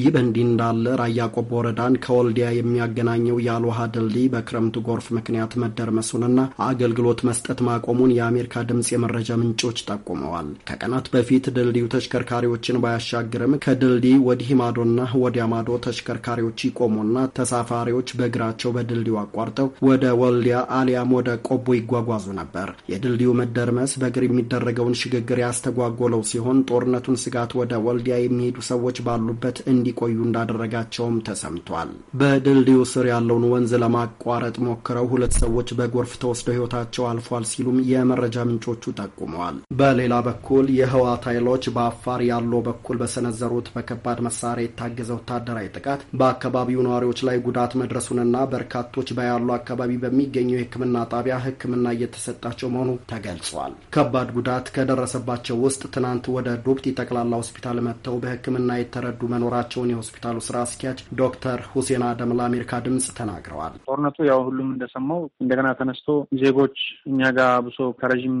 ይህ በእንዲህ እንዳለ ራያ ቆቦ ወረዳን ከወልዲያ የሚያገናኘው የአልውሃ ድልድይ በክረምቱ ጎርፍ ምክንያት መደርመሱ መቀነሱንና አገልግሎት መስጠት ማቆሙን የአሜሪካ ድምፅ የመረጃ ምንጮች ጠቁመዋል። ከቀናት በፊት ድልድዩ ተሽከርካሪዎችን ባያሻግርም ከድልድይ ወዲህ ማዶና ወዲያ ማዶ ተሽከርካሪዎች ይቆሙና ተሳፋሪዎች በእግራቸው በድልድዩ አቋርጠው ወደ ወልዲያ አሊያም ወደ ቆቦ ይጓጓዙ ነበር። የድልድዩ መደርመስ በእግር የሚደረገውን ሽግግር ያስተጓጎለው ሲሆን ጦርነቱን ስጋት ወደ ወልዲያ የሚሄዱ ሰዎች ባሉበት እንዲቆዩ እንዳደረጋቸውም ተሰምቷል። በድልድዩ ስር ያለውን ወንዝ ለማቋረጥ ሞክረው ሁለት ሰዎች በጎር በጎርፍ ተወስደው ህይወታቸው አልፏል ሲሉም የመረጃ ምንጮቹ ጠቁመዋል። በሌላ በኩል የህወሓት ኃይሎች በአፋር ያለው በኩል በሰነዘሩት በከባድ መሳሪያ የታገዘ ወታደራዊ ጥቃት በአካባቢው ነዋሪዎች ላይ ጉዳት መድረሱንና በርካቶች በያሉ አካባቢ በሚገኘው የህክምና ጣቢያ ህክምና እየተሰጣቸው መሆኑ ተገልጿል። ከባድ ጉዳት ከደረሰባቸው ውስጥ ትናንት ወደ ዱብቲ ጠቅላላ ሆስፒታል መጥተው በህክምና የተረዱ መኖራቸውን የሆስፒታሉ ስራ አስኪያጅ ዶክተር ሁሴን አደም ለአሜሪካ ድምጽ ተናግረዋል። ጦርነቱ ያው ሁሉም እንደሰማው እንደገና ተነ ተነስቶ ዜጎች እኛ ጋር ብሶ ከረዥም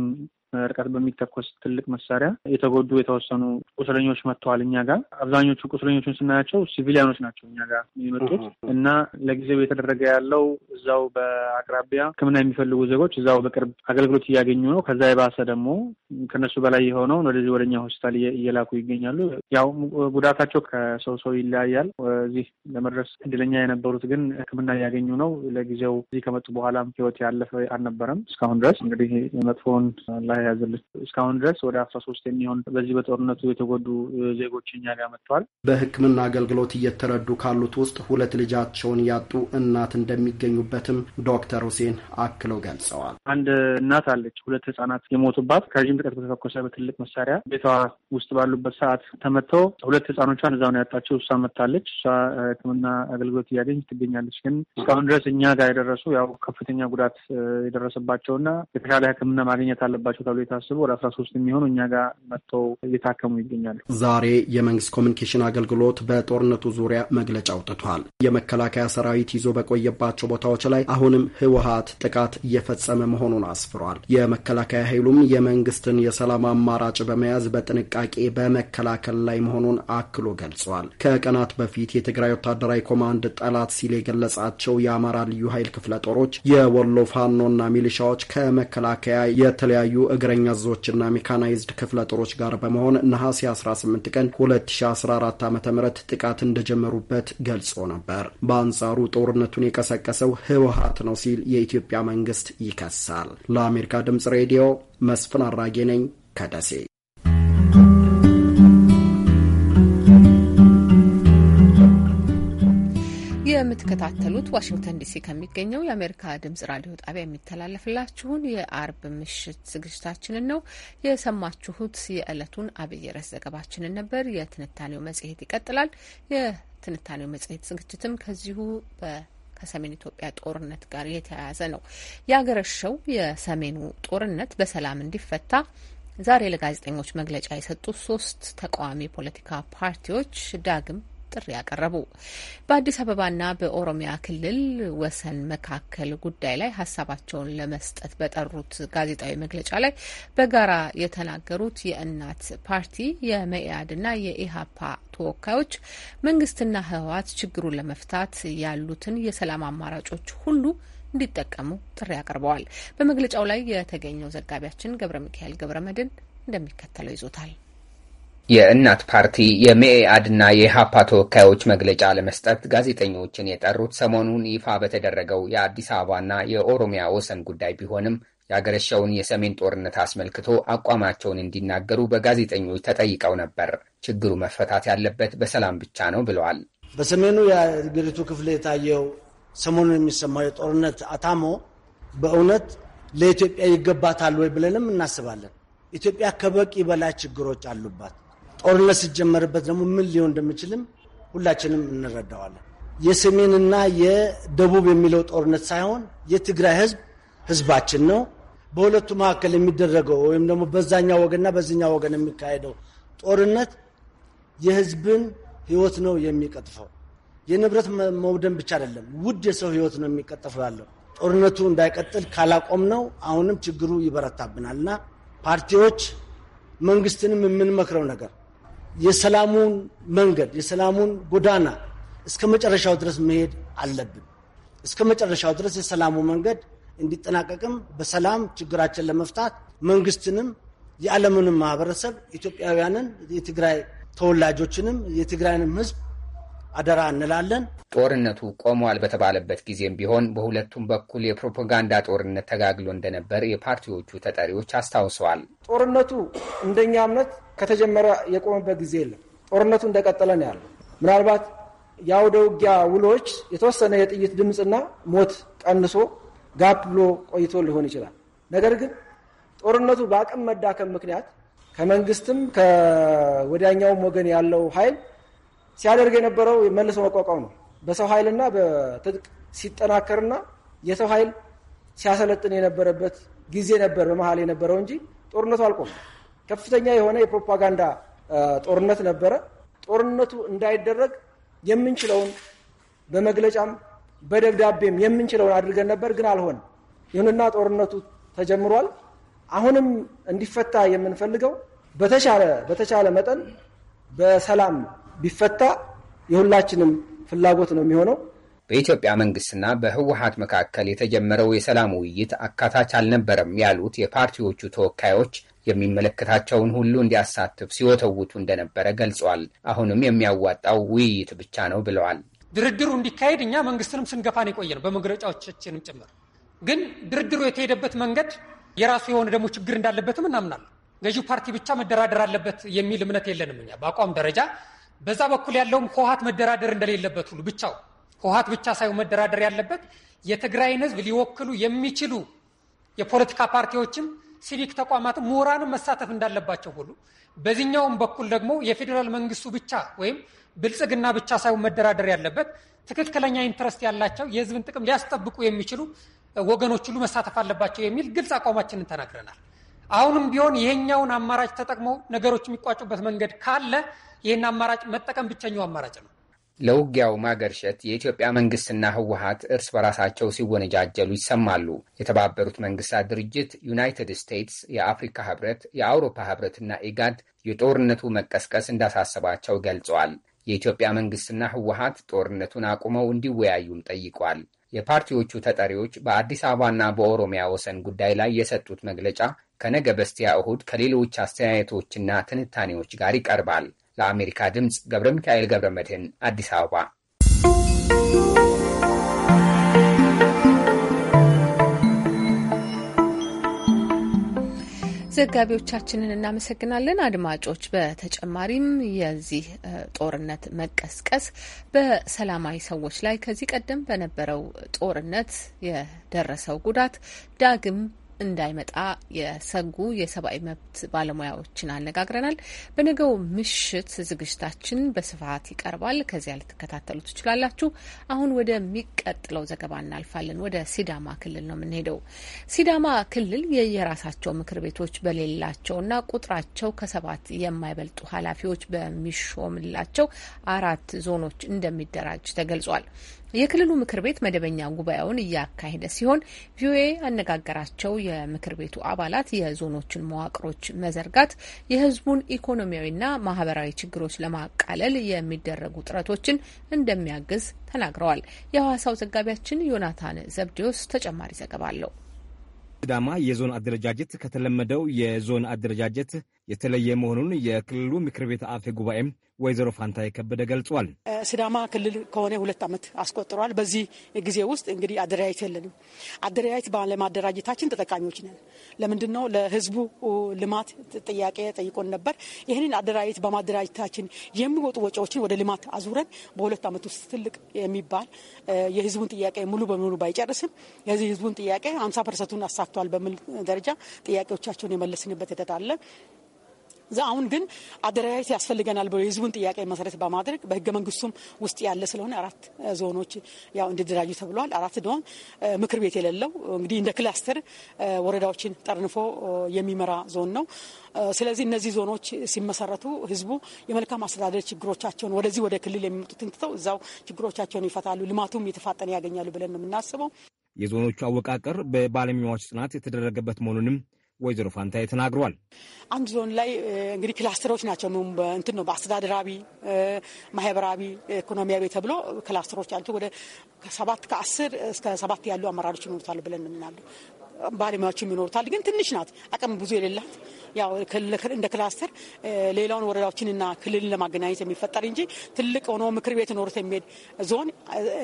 ርቀት በሚተኮስ ትልቅ መሳሪያ የተጎዱ የተወሰኑ ቁስለኞች መጥተዋል እኛ ጋር። አብዛኞቹ ቁስለኞቹን ስናያቸው ሲቪሊያኖች ናቸው እኛ ጋር የመጡት እና ለጊዜው የተደረገ ያለው እዛው በአቅራቢያ ሕክምና የሚፈልጉ ዜጎች እዛው በቅርብ አገልግሎት እያገኙ ነው። ከዛ የባሰ ደግሞ ከነሱ በላይ የሆነውን ወደዚህ ወደኛ ሆስፒታል እየላኩ ይገኛሉ። ያው ጉዳታቸው ከሰው ሰው ይለያያል። እዚህ ለመድረስ እድለኛ የነበሩት ግን ሕክምና እያገኙ ነው። ለጊዜው እዚህ ከመጡ በኋላም ሕይወት ያለፈ አልነበረም እስካሁን ድረስ እንግዲህ መጥፎውን ያዘለች። እስካሁን ድረስ ወደ አስራ ሶስት የሚሆን በዚህ በጦርነቱ የተጎዱ ዜጎች እኛ ጋር መጥተዋል። በሕክምና አገልግሎት እየተረዱ ካሉት ውስጥ ሁለት ልጃቸውን ያጡ እናት እንደሚገኙበትም ዶክተር ሁሴን አክለው ገልጸዋል። አንድ እናት አለች፣ ሁለት ህጻናት የሞቱባት ከረዥም ርቀት በተተኮሰ በትልቅ መሳሪያ ቤቷ ውስጥ ባሉበት ሰዓት ተመተው ሁለት ህጻኖቿን እዛ ነው ያጣቸው። እሷ መታለች። እሷ ሕክምና አገልግሎት እያገኝ ትገኛለች። ግን እስካሁን ድረስ እኛ ጋር የደረሱ ያው ከፍተኛ ጉዳት የደረሰባቸውና የተሻለ ሕክምና ማግኘት አለባቸው ተብሎ የታስበ ወደ አስራ ሶስት የሚሆኑ እኛ ጋር መጥተው እየታከሙ ይገኛሉ። ዛሬ የመንግስት ኮሚኒኬሽን አገልግሎት በጦርነቱ ዙሪያ መግለጫ አውጥቷል። የመከላከያ ሰራዊት ይዞ በቆየባቸው ቦታዎች ላይ አሁንም ህወሀት ጥቃት እየፈጸመ መሆኑን አስፍሯል። የመከላከያ ኃይሉም የመንግስትን የሰላም አማራጭ በመያዝ በጥንቃቄ በመከላከል ላይ መሆኑን አክሎ ገልጿል። ከቀናት በፊት የትግራይ ወታደራዊ ኮማንድ ጠላት ሲል የገለጻቸው የአማራ ልዩ ኃይል ክፍለ ጦሮች የወሎ ፋኖና ሚሊሻዎች ከመከላከያ የተለያዩ እግረኛ እዞችና ሜካናይዝድ ክፍለ ጦሮች ጋር በመሆን ነሐሴ 18 ቀን 2014 ዓ ም ጥቃት እንደጀመሩበት ገልጾ ነበር። በአንጻሩ ጦርነቱን የቀሰቀሰው ህወሀት ነው ሲል የኢትዮጵያ መንግስት ይከሳል። ለአሜሪካ ድምጽ ሬዲዮ መስፍን አራጌ ነኝ ከደሴ የምትከታተሉት ዋሽንግተን ዲሲ ከሚገኘው የአሜሪካ ድምጽ ራዲዮ ጣቢያ የሚተላለፍላችሁን የአርብ ምሽት ዝግጅታችንን ነው የሰማችሁት። የዕለቱን አብይ ርዕስ ዘገባችንን ነበር። የትንታኔው መጽሔት ይቀጥላል። የትንታኔው መጽሔት ዝግጅትም ከዚሁ ከሰሜን ኢትዮጵያ ጦርነት ጋር የተያያዘ ነው። ያገረሸው የሰሜኑ ጦርነት በሰላም እንዲፈታ ዛሬ ለጋዜጠኞች መግለጫ የሰጡት ሶስት ተቃዋሚ ፖለቲካ ፓርቲዎች ዳግም ጥሪ ያቀረቡ በአዲስ አበባና በኦሮሚያ ክልል ወሰን መካከል ጉዳይ ላይ ሀሳባቸውን ለመስጠት በጠሩት ጋዜጣዊ መግለጫ ላይ በጋራ የተናገሩት የእናት ፓርቲ የመኢአድና የኢሀፓ ተወካዮች መንግስትና ህወሀት ችግሩን ለመፍታት ያሉትን የሰላም አማራጮች ሁሉ እንዲጠቀሙ ጥሪ አቅርበዋል። በመግለጫው ላይ የተገኘው ዘጋቢያችን ገብረ ሚካኤል ገብረ መድን እንደሚከተለው ይዞታል። የእናት ፓርቲ የመኢአድና የኢሃፓ ተወካዮች መግለጫ ለመስጠት ጋዜጠኞችን የጠሩት ሰሞኑን ይፋ በተደረገው የአዲስ አበባና የኦሮሚያ ወሰን ጉዳይ ቢሆንም የአገረሸውን የሰሜን ጦርነት አስመልክቶ አቋማቸውን እንዲናገሩ በጋዜጠኞች ተጠይቀው ነበር። ችግሩ መፈታት ያለበት በሰላም ብቻ ነው ብለዋል። በሰሜኑ የአገሪቱ ክፍል የታየው ሰሞኑን የሚሰማው የጦርነት አታሞ በእውነት ለኢትዮጵያ ይገባታል ወይ ብለንም እናስባለን። ኢትዮጵያ ከበቂ በላይ ችግሮች አሉባት። ጦርነት ሲጀመርበት ደግሞ ምን ሊሆን እንደሚችልም ሁላችንም እንረዳዋለን። የሰሜንና የደቡብ የሚለው ጦርነት ሳይሆን የትግራይ ህዝብ ህዝባችን ነው። በሁለቱ መካከል የሚደረገው ወይም ደግሞ በዛኛው ወገንና በዚኛው ወገን የሚካሄደው ጦርነት የህዝብን ህይወት ነው የሚቀጥፈው። የንብረት መውደም ብቻ አይደለም፣ ውድ የሰው ህይወት ነው የሚቀጥፈው ያለው። ጦርነቱ እንዳይቀጥል ካላቆም ነው አሁንም ችግሩ ይበረታብናልና ፓርቲዎች መንግስትንም የምንመክረው ነገር የሰላሙን መንገድ የሰላሙን ጎዳና እስከ መጨረሻው ድረስ መሄድ አለብን። እስከ መጨረሻው ድረስ የሰላሙ መንገድ እንዲጠናቀቅም በሰላም ችግራችን ለመፍታት መንግስትንም የዓለምንም ማህበረሰብ ኢትዮጵያውያንን፣ የትግራይ ተወላጆችንም የትግራይንም ህዝብ አደራ እንላለን። ጦርነቱ ቆሟል በተባለበት ጊዜም ቢሆን በሁለቱም በኩል የፕሮፓጋንዳ ጦርነት ተጋግሎ እንደነበር የፓርቲዎቹ ተጠሪዎች አስታውሰዋል። ጦርነቱ እንደኛ እምነት ከተጀመረ የቆመበት ጊዜ የለም። ጦርነቱ እንደቀጠለ ነው ያለው። ምናልባት የአውደ ውጊያ ውሎች የተወሰነ የጥይት ድምፅና ሞት ቀንሶ ጋፕ ብሎ ቆይቶ ሊሆን ይችላል። ነገር ግን ጦርነቱ በአቅም መዳከም ምክንያት ከመንግስትም ከወዲያኛውም ወገን ያለው ኃይል ሲያደርግ የነበረው መልሶ መቋቋም ነው። በሰው ኃይልና በትጥቅ ሲጠናከርና የሰው ኃይል ሲያሰለጥን የነበረበት ጊዜ ነበር በመሀል የነበረው እንጂ ጦርነቱ አልቆም ከፍተኛ የሆነ የፕሮፓጋንዳ ጦርነት ነበረ። ጦርነቱ እንዳይደረግ የምንችለውን በመግለጫም በደብዳቤም የምንችለውን አድርገን ነበር፣ ግን አልሆን ይሁንና ጦርነቱ ተጀምሯል። አሁንም እንዲፈታ የምንፈልገው በተቻለ በተቻለ መጠን በሰላም ቢፈታ የሁላችንም ፍላጎት ነው የሚሆነው። በኢትዮጵያ መንግስትና በህወሀት መካከል የተጀመረው የሰላም ውይይት አካታች አልነበረም ያሉት የፓርቲዎቹ ተወካዮች የሚመለከታቸውን ሁሉ እንዲያሳትፍ ሲወተውቱ እንደነበረ ገልጿል። አሁንም የሚያዋጣው ውይይት ብቻ ነው ብለዋል። ድርድሩ እንዲካሄድ እኛ መንግስትንም ስንገፋን የቆየ ነው፣ በመግለጫዎቻችንም ጭምር። ግን ድርድሩ የተሄደበት መንገድ የራሱ የሆነ ደግሞ ችግር እንዳለበትም እናምናለን። ገዢው ፓርቲ ብቻ መደራደር አለበት የሚል እምነት የለንም እኛ በአቋም ደረጃ። በዛ በኩል ያለውም ህወሀት መደራደር እንደሌለበት ሁሉ ብቻው ህወሀት ብቻ ሳይሆን መደራደር ያለበት የትግራይን ህዝብ ሊወክሉ የሚችሉ የፖለቲካ ፓርቲዎችም ሲቪክ ተቋማት ምሁራንም መሳተፍ እንዳለባቸው ሁሉ በዚህኛውም በኩል ደግሞ የፌዴራል መንግስቱ ብቻ ወይም ብልጽግና ብቻ ሳይሆን መደራደር ያለበት ትክክለኛ ኢንትረስት ያላቸው የህዝብን ጥቅም ሊያስጠብቁ የሚችሉ ወገኖች ሁሉ መሳተፍ አለባቸው የሚል ግልጽ አቋማችንን ተናግረናል። አሁንም ቢሆን ይሄኛውን አማራጭ ተጠቅመው ነገሮች የሚቋጩበት መንገድ ካለ ይህን አማራጭ መጠቀም ብቸኛው አማራጭ ነው። ለውጊያው ማገርሸት የኢትዮጵያ መንግስትና ህወሀት እርስ በራሳቸው ሲወነጃጀሉ ይሰማሉ። የተባበሩት መንግስታት ድርጅት፣ ዩናይትድ ስቴትስ፣ የአፍሪካ ህብረት፣ የአውሮፓ ህብረትና ኢጋድ የጦርነቱ መቀስቀስ እንዳሳሰባቸው ገልጸዋል። የኢትዮጵያ መንግስትና ህወሀት ጦርነቱን አቁመው እንዲወያዩም ጠይቋል። የፓርቲዎቹ ተጠሪዎች በአዲስ አበባና በኦሮሚያ ወሰን ጉዳይ ላይ የሰጡት መግለጫ ከነገ በስቲያ እሁድ ከሌሎች አስተያየቶችና ትንታኔዎች ጋር ይቀርባል። ለአሜሪካ ድምፅ ገብረ ሚካኤል ገብረ መድህን አዲስ አበባ። ዘጋቢዎቻችንን እናመሰግናለን። አድማጮች፣ በተጨማሪም የዚህ ጦርነት መቀስቀስ በሰላማዊ ሰዎች ላይ ከዚህ ቀደም በነበረው ጦርነት የደረሰው ጉዳት ዳግም እንዳይመጣ የሰጉ የሰብአዊ መብት ባለሙያዎችን አነጋግረናል። በነገው ምሽት ዝግጅታችን በስፋት ይቀርባል። ከዚያ ልትከታተሉ ትችላላችሁ። አሁን ወደሚቀጥለው ዘገባ እናልፋለን። ወደ ሲዳማ ክልል ነው የምንሄደው። ሲዳማ ክልል የየራሳቸው ምክር ቤቶች በሌላቸውና ቁጥራቸው ከሰባት የማይበልጡ ኃላፊዎች በሚሾምላቸው አራት ዞኖች እንደሚደራጅ ተገልጿል። የክልሉ ምክር ቤት መደበኛ ጉባኤውን እያካሄደ ሲሆን ቪኦኤ ያነጋገራቸው የምክር ቤቱ አባላት የዞኖችን መዋቅሮች መዘርጋት የሕዝቡን ኢኮኖሚያዊና ማህበራዊ ችግሮች ለማቃለል የሚደረጉ ጥረቶችን እንደሚያግዝ ተናግረዋል። የሐዋሳው ዘጋቢያችን ዮናታን ዘብዴዎስ ተጨማሪ ዘገባ አለው። ሲዳማ የዞን አደረጃጀት ከተለመደው የዞን አደረጃጀት የተለየ መሆኑን የክልሉ ምክር ቤት አፈ ጉባኤም ወይዘሮ ፋንታ የከበደ ገልጿል። ሲዳማ ክልል ከሆነ ሁለት ዓመት አስቆጥሯል። በዚህ ጊዜ ውስጥ እንግዲህ አደረጃጀት የለንም። አደረጃጀት ባለማደራጀታችን ተጠቃሚዎች ነን። ለምንድን ነው ለህዝቡ ልማት ጥያቄ ጠይቆን ነበር። ይህንን አደረጃጀት በማደራጀታችን የሚወጡ ወጪዎችን ወደ ልማት አዙረን በሁለት ዓመት ውስጥ ትልቅ የሚባል የህዝቡን ጥያቄ ሙሉ በሙሉ ባይጨርስም የህዝቡን ጥያቄ ሀምሳ ፐርሰንቱን አሳክቷል በሚል ደረጃ ጥያቄዎቻቸውን የመለስንበት ሂደት አለ። እዛ አሁን ግን አደረጃጀት ያስፈልገናል ብሎ የህዝቡን ጥያቄ መሰረት በማድረግ በህገ መንግስቱም ውስጥ ያለ ስለሆነ አራት ዞኖች ያው እንዲደራጁ ተብሏል። አራት ዶን ምክር ቤት የሌለው እንግዲህ እንደ ክላስተር ወረዳዎችን ጠርንፎ የሚመራ ዞን ነው። ስለዚህ እነዚህ ዞኖች ሲመሰረቱ ህዝቡ የመልካም አስተዳደር ችግሮቻቸውን ወደዚህ ወደ ክልል የሚመጡትን ትተው እዛው ችግሮቻቸውን ይፈታሉ፣ ልማቱም የተፋጠነ ያገኛሉ ብለን ነው የምናስበው። የዞኖቹ አወቃቀር በባለሙያዎች ጥናት የተደረገበት መሆኑንም ወይዘሮ ፋንታ ተናግሯል። አንድ ዞን ላይ እንግዲህ ክላስተሮች ናቸው እንትን ነው በአስተዳደራዊ፣ ማህበራዊ፣ ኢኮኖሚያዊ ተብሎ ክላስተሮች አሉ። ወደ ሰባት ከአስር እስከ ሰባት ያሉ አመራሮች ይኖሩታል ብለን ምናሉ ባለሙያዎችም ይኖሩታል። ግን ትንሽ ናት፣ አቅም ብዙ የሌላት ያው እንደ ክላስተር ሌላውን ወረዳዎችንና ክልልን ለማገናኘት የሚፈጠር እንጂ ትልቅ ሆኖ ምክር ቤት ኖሮት የሚሄድ ዞን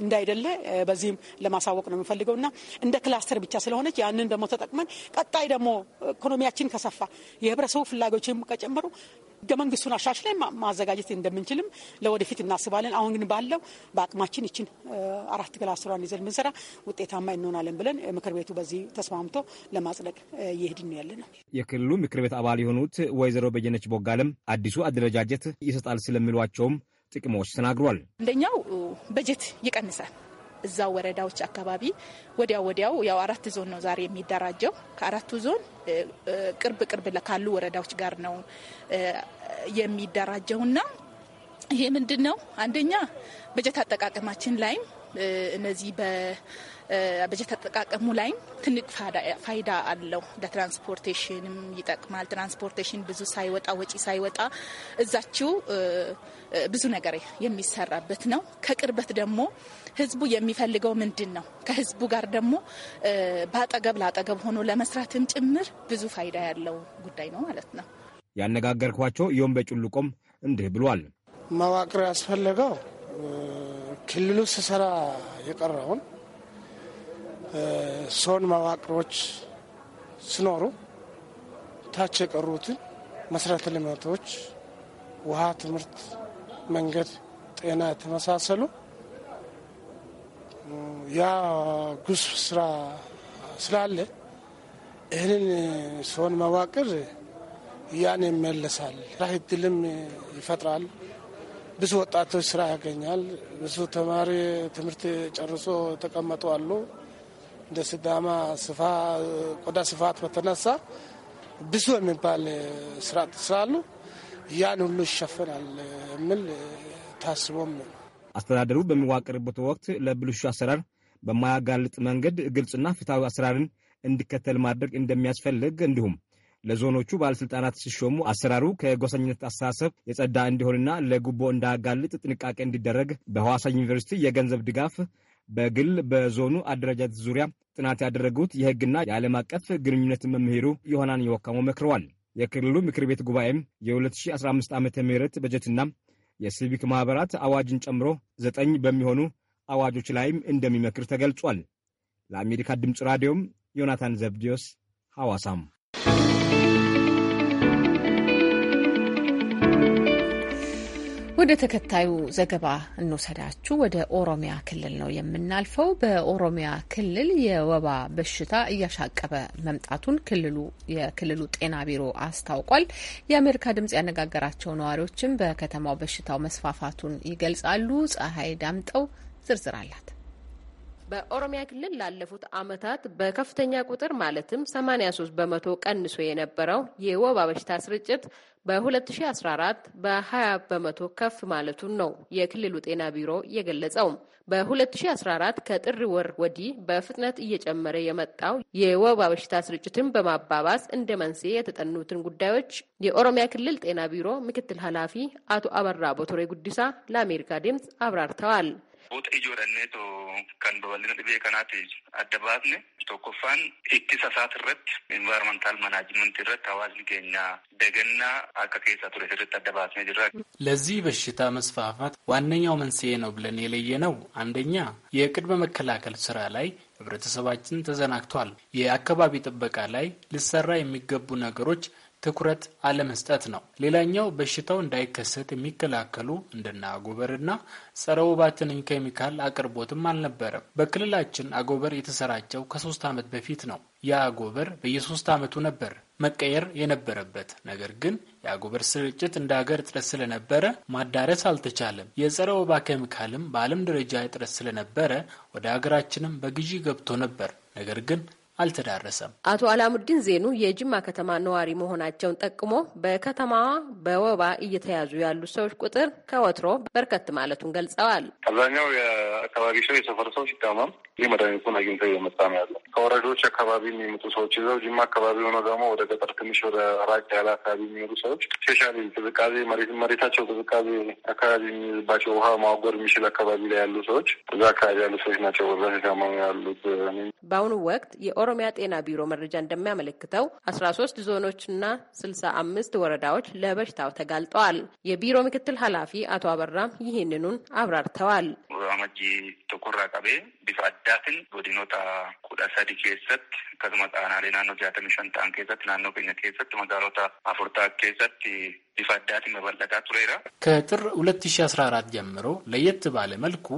እንዳይደለ በዚህም ለማሳወቅ ነው የምፈልገው እና እንደ ክላስተር ብቻ ስለሆነች ያንን ደግሞ ተጠቅመን ቀጣይ ደግሞ ኢኮኖሚያችን ከሰፋ የህብረተሰቡ ፍላጎችም ከጨመሩ ህገ መንግስቱን አሻሽለን ማዘጋጀት እንደምንችልም ለወደፊት እናስባለን። አሁን ግን ባለው በአቅማችን ይችን አራት ክላስተሯን ይዘን ብንሰራ ውጤታማ እንሆናለን ብለን ምክር ቤቱ በዚህ ተስማምቶ ለማጽደቅ እየሄድን ነው ያለ ነው። የክልሉ ምክር ቤት አባል የሆኑት ወይዘሮ በየነች ቦጋለም አዲሱ አደረጃጀት ይሰጣል ስለሚሏቸውም ጥቅሞች ተናግሯል። አንደኛው በጀት ይቀንሳል። እዛ ወረዳዎች አካባቢ ወዲያው ወዲያው ያው አራት ዞን ነው ዛሬ የሚደራጀው። ከአራቱ ዞን ቅርብ ቅርብ ካሉ ወረዳዎች ጋር ነው የሚደራጀውና ይሄ ምንድን ነው አንደኛ በጀት አጠቃቀማችን ላይም እነዚህ በጀት አጠቃቀሙ ላይም ትልቅ ፋይዳ አለው። ለትራንስፖርቴሽንም ይጠቅማል። ትራንስፖርቴሽን ብዙ ሳይወጣ ወጪ ሳይወጣ እዛችው ብዙ ነገር የሚሰራበት ነው። ከቅርበት ደግሞ ህዝቡ የሚፈልገው ምንድን ነው? ከህዝቡ ጋር ደግሞ በአጠገብ ለአጠገብ ሆኖ ለመስራትም ጭምር ብዙ ፋይዳ ያለው ጉዳይ ነው ማለት ነው። ያነጋገርኳቸው ዮም በጭሉቆም እንዲህ ብሏል። መዋቅር ያስፈለገው ክልሉ ስሰራ የቀረውን ሶን መዋቅሮች ሲኖሩ ታች የቀሩትን መሰረተ ልማቶች ውሃ፣ ትምህርት፣ መንገድ፣ ጤና የተመሳሰሉ ያ ጉስ ስራ ስላለ ይህንን ሰውን መዋቅር ያን ይመለሳል። ስራ እድልም ይፈጥራል። ብዙ ወጣቶች ስራ ያገኛል። ብዙ ተማሪ ትምህርት ጨርሶ ተቀመጡ አሉ። እንደ ስፋ ቆዳ ስፋት በተነሳ ብዙ የሚባል ስርዓት ስላሉ ያን ሁሉ ይሸፈናል የሚል ታስቦም ነው። አስተዳደሩ በሚዋቅርበት ወቅት ለብልሹ አሰራር በማያጋልጥ መንገድ ግልጽና ፍትሐዊ አሰራርን እንዲከተል ማድረግ እንደሚያስፈልግ እንዲሁም ለዞኖቹ ባለስልጣናት ሲሾሙ አሰራሩ ከጎሰኝነት አስተሳሰብ የጸዳ እንዲሆንና ለጉቦ እንዳያጋልጥ ጥንቃቄ እንዲደረግ በሐዋሳ ዩኒቨርሲቲ የገንዘብ ድጋፍ በግል በዞኑ አደረጃጀት ዙሪያ ጥናት ያደረጉት የህግና የዓለም አቀፍ ግንኙነት መምህሩ ዮሐናን የወካሙ መክረዋል። የክልሉ ምክር ቤት ጉባኤም የ2015 ዓ ም በጀትና የሲቪክ ማኅበራት አዋጅን ጨምሮ ዘጠኝ በሚሆኑ አዋጆች ላይም እንደሚመክር ተገልጿል። ለአሜሪካ ድምፅ ራዲዮም ዮናታን ዘብዲዮስ ሐዋሳም ወደ ተከታዩ ዘገባ እንውሰዳችሁ። ወደ ኦሮሚያ ክልል ነው የምናልፈው። በኦሮሚያ ክልል የወባ በሽታ እያሻቀበ መምጣቱን ክልሉ የክልሉ ጤና ቢሮ አስታውቋል። የአሜሪካ ድምጽ ያነጋገራቸው ነዋሪዎችም በከተማው በሽታው መስፋፋቱን ይገልጻሉ። ፀሐይ ዳምጠው ዝርዝር አላት። በኦሮሚያ ክልል ላለፉት ዓመታት በከፍተኛ ቁጥር ማለትም 83 በመቶ ቀንሶ የነበረው የወባ በሽታ ስርጭት በ2014 በ20 በመቶ ከፍ ማለቱን ነው የክልሉ ጤና ቢሮ የገለጸው። በ2014 ከጥር ወር ወዲህ በፍጥነት እየጨመረ የመጣው የወባ በሽታ ስርጭትን በማባባስ እንደ መንስኤ የተጠኑትን ጉዳዮች የኦሮሚያ ክልል ጤና ቢሮ ምክትል ኃላፊ አቶ አበራ ቦቶሬ ጉዲሳ ለአሜሪካ ድምፅ አብራርተዋል። Fuuta ijoollanneetu kan babal'ina dhibee kanaatiif adda baafne tokkoffaan ittisa isaati irratti envaayirmantaal manaajimenti irratti hawaasni keenya dagannaa akka keessaa ture sirritti adda ባስነ ጅራ ለዚህ በሽታ መስፋፋት ዋነኛው መንስኤ ነው ብለን የለየነው አንደኛ የቅድመ መከላከል ስራ ላይ ህብረተሰባችን ተዘናግቷል። የአካባቢ ጥበቃ ላይ ሊሰራ የሚገቡ ነገሮች ትኩረት አለመስጠት ነው። ሌላኛው በሽታው እንዳይከሰት የሚከላከሉ እንደና አጎበርና ጸረ ወባ ትንኝ ኬሚካል አቅርቦትም አልነበረም። በክልላችን አጎበር የተሰራጨው ከሶስት ዓመት በፊት ነው። ያ አጎበር በየሶስት ዓመቱ ነበር መቀየር የነበረበት ነገር ግን የአጎበር ስርጭት እንደ ሀገር እጥረት ስለነበረ ማዳረስ አልተቻለም። የጸረ ወባ ኬሚካልም በዓለም ደረጃ እጥረት ስለነበረ ወደ ሀገራችንም በግዢ ገብቶ ነበር። ነገር ግን አልተዳረሰም። አቶ አላሙዲን ዜኑ የጅማ ከተማ ነዋሪ መሆናቸውን ጠቅሞ በከተማዋ በወባ እየተያዙ ያሉ ሰዎች ቁጥር ከወትሮ በርከት ማለቱን ገልጸዋል። አብዛኛው የአካባቢ ሰው የሰፈር ሰው ሲታመም ይህ መድኃኒቱን አግኝተው እየመጣ ነው ያለው። ከወረዶች አካባቢ የሚመጡ ሰዎች ይዘው ጅማ አካባቢ ሆነ ደግሞ ወደ ገጠር ትንሽ ወደ ራቅ ያለ አካባቢ የሚሄዱ ሰዎች ስፔሻሊ ቅዝቃዜ መሬታቸው ቅዝቃዜ አካባቢ የሚይዝባቸው ውሃ ማጎር የሚችል አካባቢ ላይ ያሉ ሰዎች እዛ አካባቢ ያሉ ሰዎች ናቸው በብዛት የታመሙ ያሉት በአሁኑ ወቅት የኦሮሚያ ጤና ቢሮ መረጃ እንደሚያመለክተው አስራ ሶስት ዞኖችና ስልሳ አምስት ወረዳዎች ለበሽታው ተጋልጠዋል። የቢሮ ምክትል ኃላፊ አቶ አበራም ይህንኑን አብራርተዋል። bifa addaatiin godinoota kudha sadi keessatti akkasumas aanaalee naannoo jaatamii shan ta'an keessatti naannoo keenya keessatti magaalota afur ta'an keessatti bifa addaatiin babal'ataa tureera። ከጥር 2014 ጀምሮ ለየት ባለ መልኩ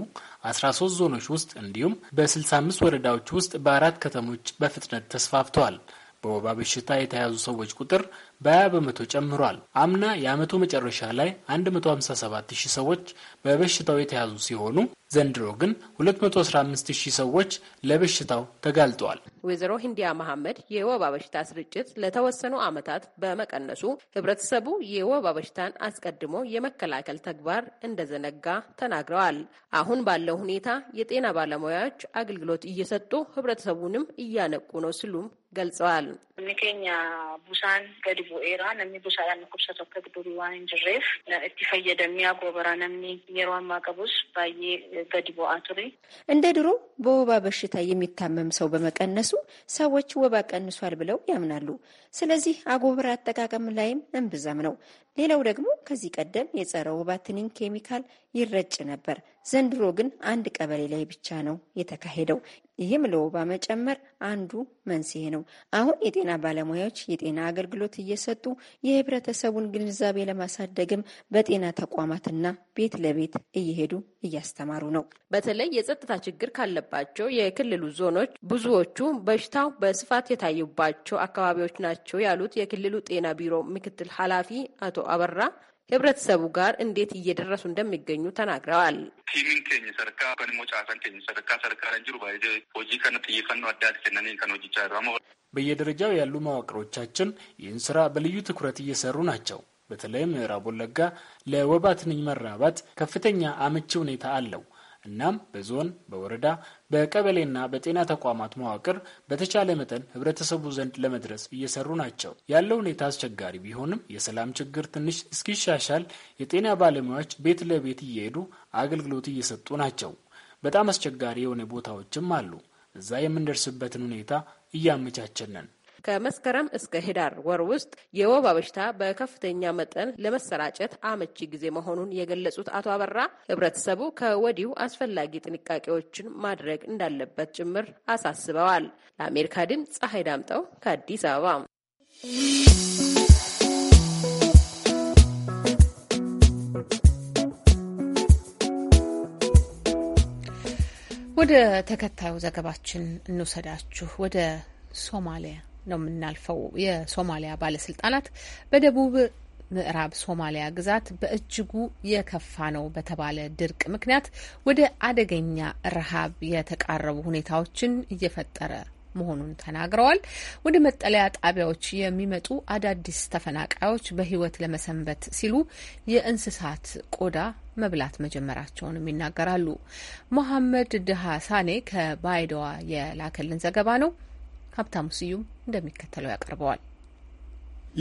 13 ዞኖች ውስጥ እንዲሁም በ65 ወረዳዎች ውስጥ በአራት ከተሞች በፍጥነት ተስፋፍተዋል። በወባ በሽታ የተያዙ ሰዎች ቁጥር በ20 በመቶ ጨምሯል። አምና የዓመቱ መጨረሻ ላይ 157000 ሰዎች በበሽታው የተያዙ ሲሆኑ ዘንድሮ ግን 215000 ሰዎች ለበሽታው ተጋልጠዋል። ወይዘሮ ሂንዲያ መሐመድ የወባ በሽታ ስርጭት ለተወሰኑ ዓመታት በመቀነሱ ህብረተሰቡ የወባ በሽታን አስቀድሞ የመከላከል ተግባር እንደዘነጋ ተናግረዋል። አሁን ባለው ሁኔታ የጤና ባለሙያዎች አገልግሎት እየሰጡ ህብረተሰቡንም እያነቁ ነው ሲሉም ገልጸዋል። ሚኬኛ ቡሳን ገድቦ ኤራ ነሚ ቡሳ ያን ኩብሰቶ ከግዱሪ ዋን ጅሬፍ እቲ ፈየደሚ ጎበራ ነሚ የሯን ማቀቡስ ባዬ ገድቦ አቱሪ እንደ ድሮ በወባ በሽታ የሚታመም ሰው በመቀነሱ ሰዎች ወባ ቀንሷል ብለው ያምናሉ። ስለዚህ አጎበራ አጠቃቀም ላይም እምብዛም ነው። ሌላው ደግሞ ከዚህ ቀደም የጸረ ወባ ትንኝ ኬሚካል ይረጭ ነበር። ዘንድሮ ግን አንድ ቀበሌ ላይ ብቻ ነው የተካሄደው። ይህም ለወባ መጨመር አንዱ መንስኤ ነው። አሁን የጤና ባለሙያዎች የጤና አገልግሎት እየሰጡ የህብረተሰቡን ግንዛቤ ለማሳደግም በጤና ተቋማትና ቤት ለቤት እየሄዱ እያስተማሩ ነው። በተለይ የጸጥታ ችግር ካለባቸው የክልሉ ዞኖች ብዙዎቹ በሽታው በስፋት የታዩባቸው አካባቢዎች ናቸው ያሉት የክልሉ ጤና ቢሮ ምክትል ኃላፊ አቶ አበራ ህብረተሰቡ ጋር እንዴት እየደረሱ እንደሚገኙ ተናግረዋል። ቲሚን ሰርካ ከንሞ ጫፈን ሰርካ ሰርካ ባይ ሆጂ ሆጂ አዳት ጫራሞ በየደረጃው ያሉ መዋቅሮቻችን ይህን ስራ በልዩ ትኩረት እየሰሩ ናቸው። በተለይ ምዕራብ ወለጋ ለወባ ትንኝ መራባት ከፍተኛ አመቺ ሁኔታ አለው። እናም በዞን በወረዳ በቀበሌና በጤና ተቋማት መዋቅር በተቻለ መጠን ህብረተሰቡ ዘንድ ለመድረስ እየሰሩ ናቸው። ያለው ሁኔታ አስቸጋሪ ቢሆንም የሰላም ችግር ትንሽ እስኪሻሻል የጤና ባለሙያዎች ቤት ለቤት እየሄዱ አገልግሎት እየሰጡ ናቸው። በጣም አስቸጋሪ የሆነ ቦታዎችም አሉ። እዛ የምንደርስበትን ሁኔታ እያመቻቸን ነን። ከመስከረም እስከ ህዳር ወር ውስጥ የወባ በሽታ በከፍተኛ መጠን ለመሰራጨት አመቺ ጊዜ መሆኑን የገለጹት አቶ አበራ ህብረተሰቡ ከወዲሁ አስፈላጊ ጥንቃቄዎችን ማድረግ እንዳለበት ጭምር አሳስበዋል። ለአሜሪካ ድምፅ ፀሐይ ዳምጠው ከአዲስ አበባ። ወደ ተከታዩ ዘገባችን እንውሰዳችሁ ወደ ሶማሊያ ነው የምናልፈው። የሶማሊያ ባለስልጣናት በደቡብ ምዕራብ ሶማሊያ ግዛት በእጅጉ የከፋ ነው በተባለ ድርቅ ምክንያት ወደ አደገኛ ረሃብ የተቃረቡ ሁኔታዎችን እየፈጠረ መሆኑን ተናግረዋል። ወደ መጠለያ ጣቢያዎች የሚመጡ አዳዲስ ተፈናቃዮች በሕይወት ለመሰንበት ሲሉ የእንስሳት ቆዳ መብላት መጀመራቸውንም ይናገራሉ። መሐመድ ድሃ ሳኔ ከባይደዋ የላከልን ዘገባ ነው። ሀብታሙ ስዩም እንደሚከተለው ያቀርበዋል።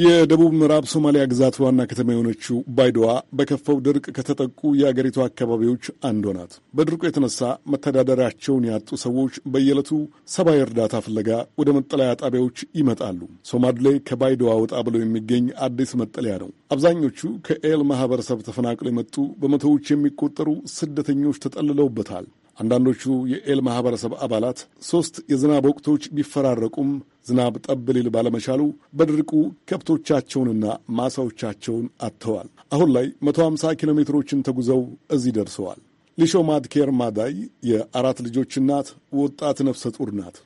የደቡብ ምዕራብ ሶማሊያ ግዛት ዋና ከተማ የሆነችው ባይዶዋ በከፋው ድርቅ ከተጠቁ የአገሪቱ አካባቢዎች አንዷ ናት። በድርቁ የተነሳ መተዳደሪያቸውን ያጡ ሰዎች በየዕለቱ ሰብአዊ እርዳታ ፍለጋ ወደ መጠለያ ጣቢያዎች ይመጣሉ። ሶማድሌ ከባይዶዋ ወጣ ብለው የሚገኝ አዲስ መጠለያ ነው። አብዛኞቹ ከኤል ማህበረሰብ ተፈናቅለው የመጡ በመቶዎች የሚቆጠሩ ስደተኞች ተጠልለውበታል። አንዳንዶቹ የኤል ማህበረሰብ አባላት ሦስት የዝናብ ወቅቶች ቢፈራረቁም ዝናብ ጠብ ሊል ባለመቻሉ በድርቁ ከብቶቻቸውንና ማሳዎቻቸውን አጥተዋል። አሁን ላይ 150 ኪሎ ሜትሮችን ተጉዘው እዚህ ደርሰዋል። ሊሾ ማድኬር ማዳይ የአራት ልጆች እናት ወጣት ነፍሰ ጡር ናት።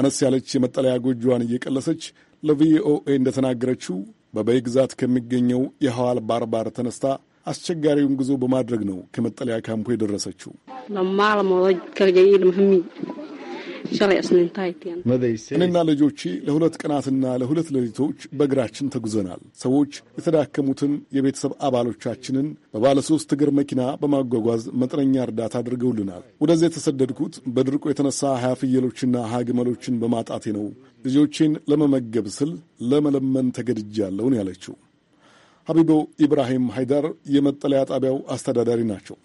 አነስ ያለች የመጠለያ ጎጆዋን እየቀለሰች ለቪኦኤ እንደተናገረችው በበይ ግዛት ከሚገኘው የሐዋል ባርባር ተነስታ አስቸጋሪውን ጉዞ በማድረግ ነው ከመጠለያ ካምፖ የደረሰችው። እኔና ልጆቼ ለሁለት ቀናትና ለሁለት ሌሊቶች በእግራችን ተጉዘናል። ሰዎች የተዳከሙትን የቤተሰብ አባሎቻችንን በባለሶስት እግር መኪና በማጓጓዝ መጠነኛ እርዳታ አድርገውልናል። ወደዚያ የተሰደድኩት በድርቁ የተነሳ ሀያ ፍየሎችና ሀያ ግመሎችን በማጣቴ ነው። ልጆቼን ለመመገብ ስል ለመለመን ተገድጃለሁ ነው ያለችው። ሀቢቦ ኢብራሂም ሃይዳር የመጠለያ ጣቢያው አስተዳዳሪ ናቸው።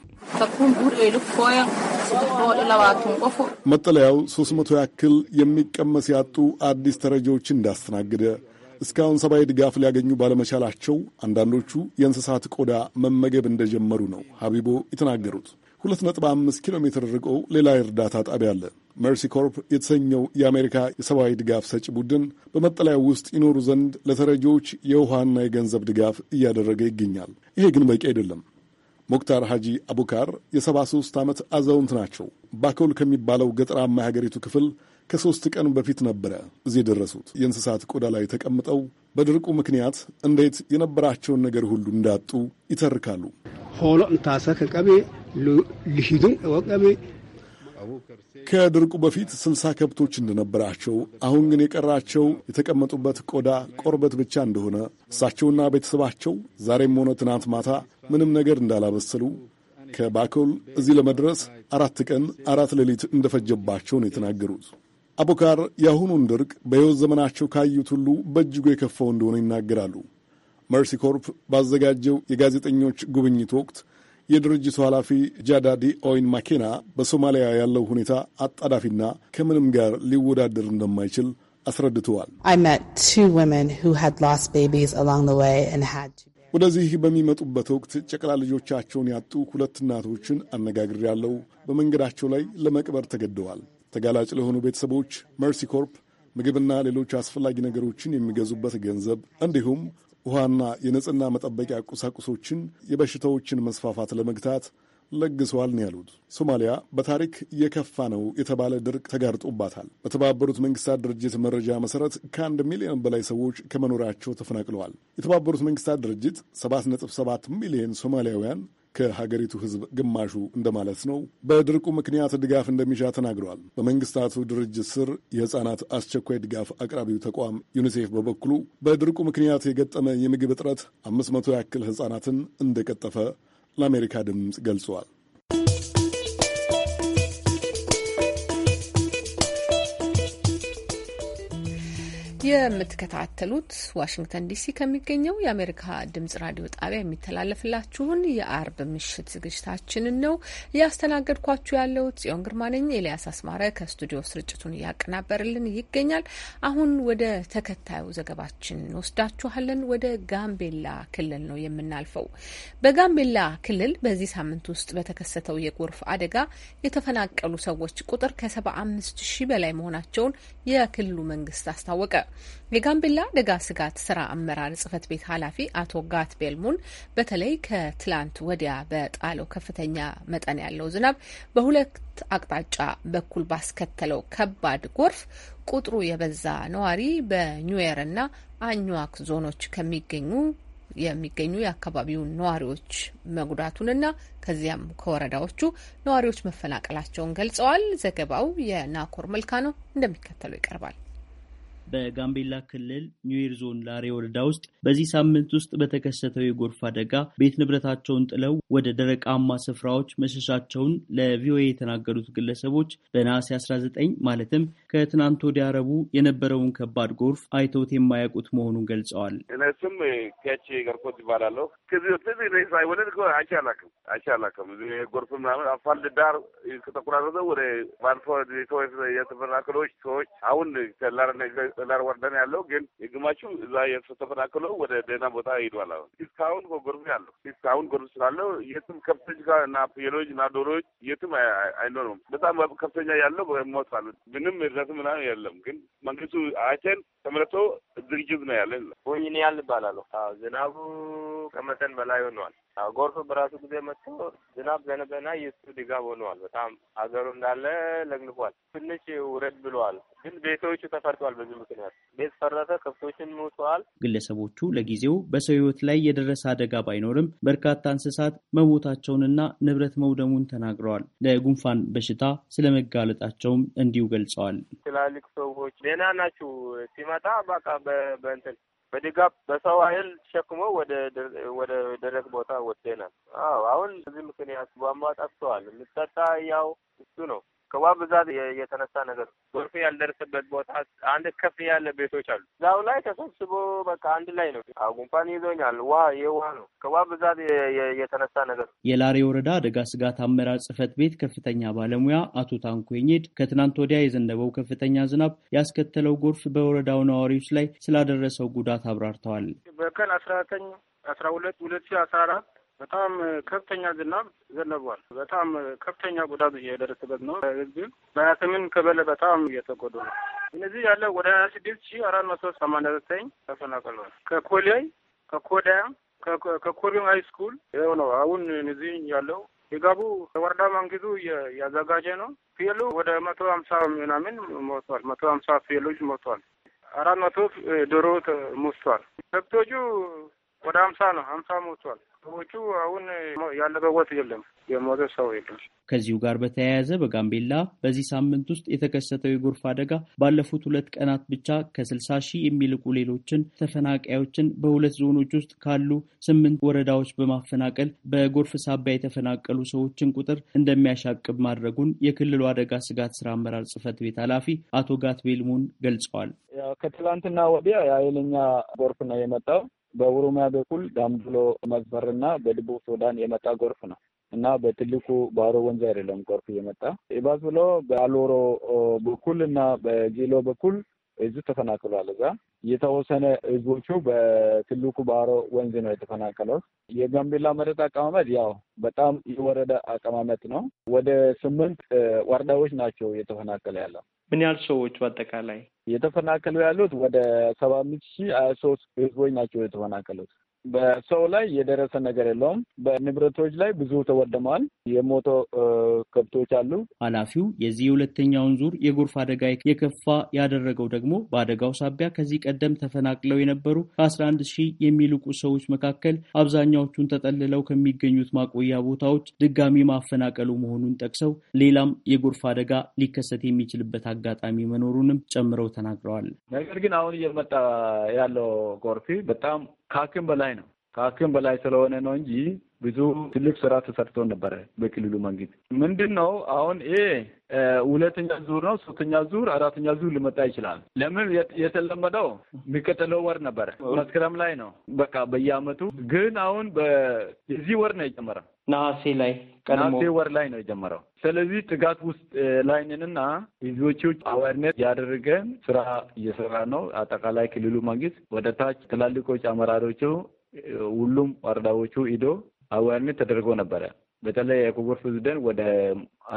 መጠለያው 300 ያክል የሚቀመስ ያጡ አዲስ ተረጂዎች እንዳስተናግደ እስካሁን ሰብአዊ ድጋፍ ሊያገኙ ባለመቻላቸው አንዳንዶቹ የእንስሳት ቆዳ መመገብ እንደጀመሩ ነው ሀቢቦ የተናገሩት። 2.5 ኪሎ ሜትር ርቆ ሌላ የእርዳታ ጣቢያ አለ። መርሲ ኮርፕ የተሰኘው የአሜሪካ የሰብአዊ ድጋፍ ሰጪ ቡድን በመጠለያው ውስጥ ይኖሩ ዘንድ ለተረጂዎች የውሃና የገንዘብ ድጋፍ እያደረገ ይገኛል። ይሄ ግን በቂ አይደለም። ሞክታር ሐጂ አቡካር የ73 ዓመት አዛውንት ናቸው። ባኮል ከሚባለው ገጠራማ የሀገሪቱ ክፍል ከሦስት ቀን በፊት ነበረ እዚህ የደረሱት። የእንስሳት ቆዳ ላይ ተቀምጠው በድርቁ ምክንያት እንዴት የነበራቸውን ነገር ሁሉ እንዳጡ ይተርካሉ። ሆሎ እንታሰ ከቀቤ ልሂዱም ወቀቤ ከድርቁ በፊት ስልሳ ከብቶች እንደነበራቸው አሁን ግን የቀራቸው የተቀመጡበት ቆዳ ቆርበት ብቻ እንደሆነ እሳቸውና ቤተሰባቸው ዛሬም ሆነ ትናንት ማታ ምንም ነገር እንዳላበሰሉ ከባኮል እዚህ ለመድረስ አራት ቀን አራት ሌሊት እንደፈጀባቸው ነው የተናገሩት። አቦካር የአሁኑን ድርቅ በሕይወት ዘመናቸው ካዩት ሁሉ በእጅጉ የከፋው እንደሆነ ይናገራሉ። መርሲ ኮርፕ ባዘጋጀው የጋዜጠኞች ጉብኝት ወቅት የድርጅቱ ኃላፊ ጃዳዲ ኦይን ማኬና በሶማሊያ ያለው ሁኔታ አጣዳፊና ከምንም ጋር ሊወዳደር እንደማይችል አስረድተዋል። ወደዚህ በሚመጡበት ወቅት ጨቅላ ልጆቻቸውን ያጡ ሁለት እናቶችን አነጋግር ያለው በመንገዳቸው ላይ ለመቅበር ተገደዋል። ተጋላጭ ለሆኑ ቤተሰቦች መርሲ ኮርፕ ምግብና ሌሎች አስፈላጊ ነገሮችን የሚገዙበት ገንዘብ እንዲሁም ውሃና የንጽህና መጠበቂያ ቁሳቁሶችን የበሽታዎችን መስፋፋት ለመግታት ለግሰዋል ነው ያሉት። ሶማሊያ በታሪክ የከፋ ነው የተባለ ድርቅ ተጋርጦባታል። በተባበሩት መንግስታት ድርጅት መረጃ መሰረት ከአንድ ሚሊዮን በላይ ሰዎች ከመኖሪያቸው ተፈናቅለዋል። የተባበሩት መንግስታት ድርጅት 7.7 ሚሊዮን ሶማሊያውያን ከሀገሪቱ ሕዝብ ግማሹ እንደማለት ነው። በድርቁ ምክንያት ድጋፍ እንደሚሻ ተናግረዋል። በመንግስታቱ ድርጅት ስር የህጻናት አስቸኳይ ድጋፍ አቅራቢው ተቋም ዩኒሴፍ በበኩሉ በድርቁ ምክንያት የገጠመ የምግብ እጥረት አምስት መቶ ያክል ህጻናትን እንደቀጠፈ ለአሜሪካ ድምፅ ገልጸዋል። የምትከታተሉት ዋሽንግተን ዲሲ ከሚገኘው የአሜሪካ ድምጽ ራዲዮ ጣቢያ የሚተላለፍላችሁን የአርብ ምሽት ዝግጅታችንን ነው እያስተናገድኳችሁ ያለው ጽዮን ግርማ ነኝ። ኤልያስ አስማረ ከስቱዲዮ ስርጭቱን እያቀናበርልን ይገኛል። አሁን ወደ ተከታዩ ዘገባችን እንወስዳችኋለን። ወደ ጋምቤላ ክልል ነው የምናልፈው። በጋምቤላ ክልል በዚህ ሳምንት ውስጥ በተከሰተው የጎርፍ አደጋ የተፈናቀሉ ሰዎች ቁጥር ከሰባ አምስት ሺህ በላይ መሆናቸውን የክልሉ መንግስት አስታወቀ። የጋምቤላ አደጋ ስጋት ስራ አመራር ጽህፈት ቤት ኃላፊ አቶ ጋት ቤልሙን በተለይ ከትላንት ወዲያ በጣለው ከፍተኛ መጠን ያለው ዝናብ በሁለት አቅጣጫ በኩል ባስከተለው ከባድ ጎርፍ ቁጥሩ የበዛ ነዋሪ በኒውዌርና አኝዋክ ዞኖች ከሚገኙ የሚገኙ የአካባቢው ነዋሪዎች መጉዳቱንና ከዚያም ከወረዳዎቹ ነዋሪዎች መፈናቀላቸውን ገልጸዋል። ዘገባው የናኮር መልካ ነው፣ እንደሚከተለው ይቀርባል። በጋምቤላ ክልል ኒዌር ዞን ላሬ ወረዳ ውስጥ በዚህ ሳምንት ውስጥ በተከሰተው የጎርፍ አደጋ ቤት ንብረታቸውን ጥለው ወደ ደረቃማ ስፍራዎች መሸሻቸውን ለቪኦኤ የተናገሩት ግለሰቦች በነሐሴ 19 ማለትም ከትናንት ወዲያ ረቡዕ የነበረውን ከባድ ጎርፍ አይተውት የማያውቁት መሆኑን ገልጸዋል። እነሱም ፒያች ገርኮት ይባላለሁ። ከዚህ በፊት ሳይወለድ አይቼ አላውቅም አይቼ ጎርፍ ምናምን አፋልድ ዳር ከተቆራረጠ ወደ ባልፎ ሰዎች የተፈናቀሎች ሰዎች አሁን ከላር ወርደን ያለው ግን የግማቹ እዛ የተፈናቀለው ወደ ደህና ቦታ ሂዷል። አሁን እስካሁን ጎርፍ ያለው እስካሁን ጎርፍ ስላለው የትም ከብቶች ጋር እና ፍየሎች እና ዶሮዎች የትም አይኖርም። በጣም ከፍተኛ ያለው ሞት አሉ ምንም ብዛት ምናምን የለም። ግን መንግስቱ አይተን ተመረጦ ዝግጅት ነው ያለን። ያል ይባላሉ ዝናቡ ከመጠን በላይ ሆኗል። ጎርፍ በራሱ ጊዜ መጥቶ ዝናብ ዘነበና የሱ ድጋፍ ሆኗል። በጣም አገሩ እንዳለ ለግልፏል። ትንሽ ውረድ ብለዋል፣ ግን ቤቶቹ ተፈርጧል። በዚህ ምክንያት ቤት ፈረሰ፣ ከብቶችን ሞተዋል። ግለሰቦቹ ለጊዜው በሰው ህይወት ላይ የደረሰ አደጋ ባይኖርም በርካታ እንስሳት መሞታቸውንና ንብረት መውደሙን ተናግረዋል። ለጉንፋን በሽታ ስለመጋለጣቸውም እንዲሁ ገልጸዋል። ትላልቅ ሰዎች ደህና ናችሁ ሲመጣ በቃ በእንትን በድጋፍ በሰው ኃይል ተሸክሞ ወደ ደረቅ ቦታ ወስደናል። አዎ አሁን እዚህ ምክንያት ቧንቧ ጠፍተዋል። የምጠጣ ያው እሱ ነው። ከውሃ ብዛት የተነሳ ነገር ጎርፍ ያልደረሰበት ቦታ አንድ ከፍ ያለ ቤቶች አሉ። እዛው ላይ ተሰብስቦ በቃ አንድ ላይ ነው። ጉንፋን ይዞኛል። ውሃ የውሃ ነው። ከውሃ ብዛት የተነሳ ነገር የላሬ ወረዳ አደጋ ስጋት አመራር ጽህፈት ቤት ከፍተኛ ባለሙያ አቶ ታንኩኝድ ከትናንት ወዲያ የዘነበው ከፍተኛ ዝናብ ያስከተለው ጎርፍ በወረዳው ነዋሪዎች ላይ ስላደረሰው ጉዳት አብራርተዋል። በቀን አስራ ዘጠኝ አስራ ሁለት ሁለት ሺ አስራ አራት በጣም ከፍተኛ ዝናብ ዘለቧል። በጣም ከፍተኛ ጉዳት እየደረሰበት ነው። ህዝብም በያስምን ከበለ በጣም እየተጎዱ ነው። እነዚህ ያለው ወደ ሀያ ስድስት ሺ አራት መቶ ሰማንያ ዘጠኝ ተፈናቅለዋል። ከኮሌይ ከኮዳያ ከኮሪን ሀይ ስኩል ይኸው ነው። አሁን እነዚህ ያለው የጋቡ ወረዳ መንግስቱ ያዘጋጀ ነው። ፌሎ ወደ መቶ ሀምሳ ምናምን ሞቷል። መቶ ሀምሳ ፌሎች ሞቷል። አራት መቶ ዶሮ ሞቷል። ከብቶቹ ወደ አምሳ ነው አምሳ ሞቷል። ሰዎቹ አሁን ያለበወት የለም የሞተ ሰው የለም። ከዚሁ ጋር በተያያዘ በጋምቤላ በዚህ ሳምንት ውስጥ የተከሰተው የጎርፍ አደጋ ባለፉት ሁለት ቀናት ብቻ ከስልሳ ሺህ የሚልቁ ሌሎችን ተፈናቃዮችን በሁለት ዞኖች ውስጥ ካሉ ስምንት ወረዳዎች በማፈናቀል በጎርፍ ሳቢያ የተፈናቀሉ ሰዎችን ቁጥር እንደሚያሻቅብ ማድረጉን የክልሉ አደጋ ስጋት ስራ አመራር ጽህፈት ቤት ኃላፊ አቶ ቤልሙን ገልጸዋል። ከትላንትና ወዲያ የኃይለኛ ጎርፍ ነው የመጣው በኦሮሚያ በኩል ዳምብሎ መስመርና በደቡብ ሱዳን የመጣ ጎርፍ ነው እና በትልቁ ባሮ ወንዝ አይደለም ጎርፍ እየመጣ ይባስ ብሎ በኩል እና በጌሎ በኩል ህዝብ ተፈናቅሏል። እዛ የተወሰነ ህዝቦቹ በትልቁ ባሮ ወንዝ ነው የተፈናቀለው። የጋምቤላ መሬት አቀማመጥ ያው በጣም የወረደ አቀማመጥ ነው። ወደ ስምንት ወረዳዎች ናቸው እየተፈናቀለ ያለው። ምን ያህል ሰዎች በአጠቃላይ የተፈናቀሉ ያሉት ወደ ሰባ አምስት ሺህ ሀያ ሶስት ህዝቦች ናቸው የተፈናቀሉት። በሰው ላይ የደረሰ ነገር የለውም። በንብረቶች ላይ ብዙ ተወድመዋል። የሞቶ ከብቶች አሉ። ኃላፊው የዚህ ሁለተኛውን ዙር የጎርፍ አደጋ የከፋ ያደረገው ደግሞ በአደጋው ሳቢያ ከዚህ ቀደም ተፈናቅለው የነበሩ ከ11 ሺህ የሚልቁ ሰዎች መካከል አብዛኛዎቹን ተጠልለው ከሚገኙት ማቆያ ቦታዎች ድጋሚ ማፈናቀሉ መሆኑን ጠቅሰው ሌላም የጎርፍ አደጋ ሊከሰት የሚችልበት አጋጣሚ መኖሩንም ጨምረው ተናግረዋል። ነገር ግን አሁን እየመጣ ያለው ጎርፊ በጣም ከአቅም በላይ ነው ከአቅም በላይ ስለሆነ ነው እንጂ ብዙ ትልቅ ስራ ተሰርቶ ነበረ በክልሉ መንግስት። ምንድን ነው አሁን ይሄ ሁለተኛ ዙር ነው፣ ሶስተኛ ዙር፣ አራተኛ ዙር ሊመጣ ይችላል። ለምን የተለመደው የሚቀጥለው ወር ነበረ መስከረም ላይ ነው በቃ በየአመቱ ግን አሁን በዚህ ወር ነው የጀመረው ነሐሴ ላይ ነሐሴ ወር ላይ ነው የጀመረው። ስለዚህ ጥጋት ውስጥ ላይንንና ህዝቦቹ አዋርነት ያደረገን ስራ እየሰራ ነው። አጠቃላይ ክልሉ መንግስት ወደ ታች ትላልቆች አመራሮቹ ሁሉም ወረዳዎቹ ሂዶ አዋርነት ተደርጎ ነበረ። በተለይ የኮንጎ ፕሬዚደንት ወደ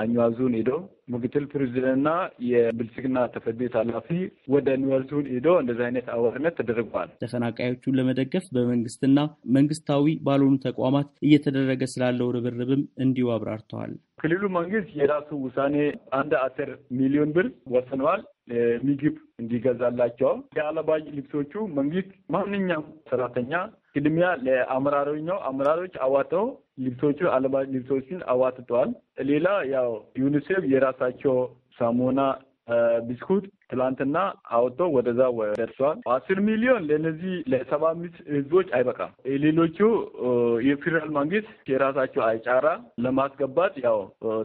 አኟዋል ዞን ሄዶ ምክትል ፕሬዚደንትና የብልጽግና ጽሕፈት ቤት ኃላፊ ወደ ኒዋል ዞን ሄዶ እንደዚህ አይነት አዋርነት ተደርጓል። ተፈናቃዮቹን ለመደገፍ በመንግስትና መንግስታዊ ባልሆኑ ተቋማት እየተደረገ ስላለው ርብርብም እንዲሁ አብራርተዋል። ክልሉ መንግስት የራሱ ውሳኔ አንድ አስር ሚሊዮን ብር ወስነዋል። ምግብ እንዲገዛላቸው የአለባጅ ልብሶቹ መንግስት ማንኛውም ሰራተኛ ቅድሚያ ለአመራሮች ነው። አመራሮች አዋተው ልብሶቹ አለባ ልብሶችን አዋትተዋል። ሌላ ያው ዩኒሴፍ የራሳቸው ሳሙና፣ ብስኩት ትላንትና አውቶ ወደዛ ደርሰዋል። አስር ሚሊዮን ለነዚህ ለሰባ አምስት ህዝቦች አይበቃም። ሌሎቹ የፌዴራል መንግስት የራሳቸው አይጫራ ለማስገባት ያው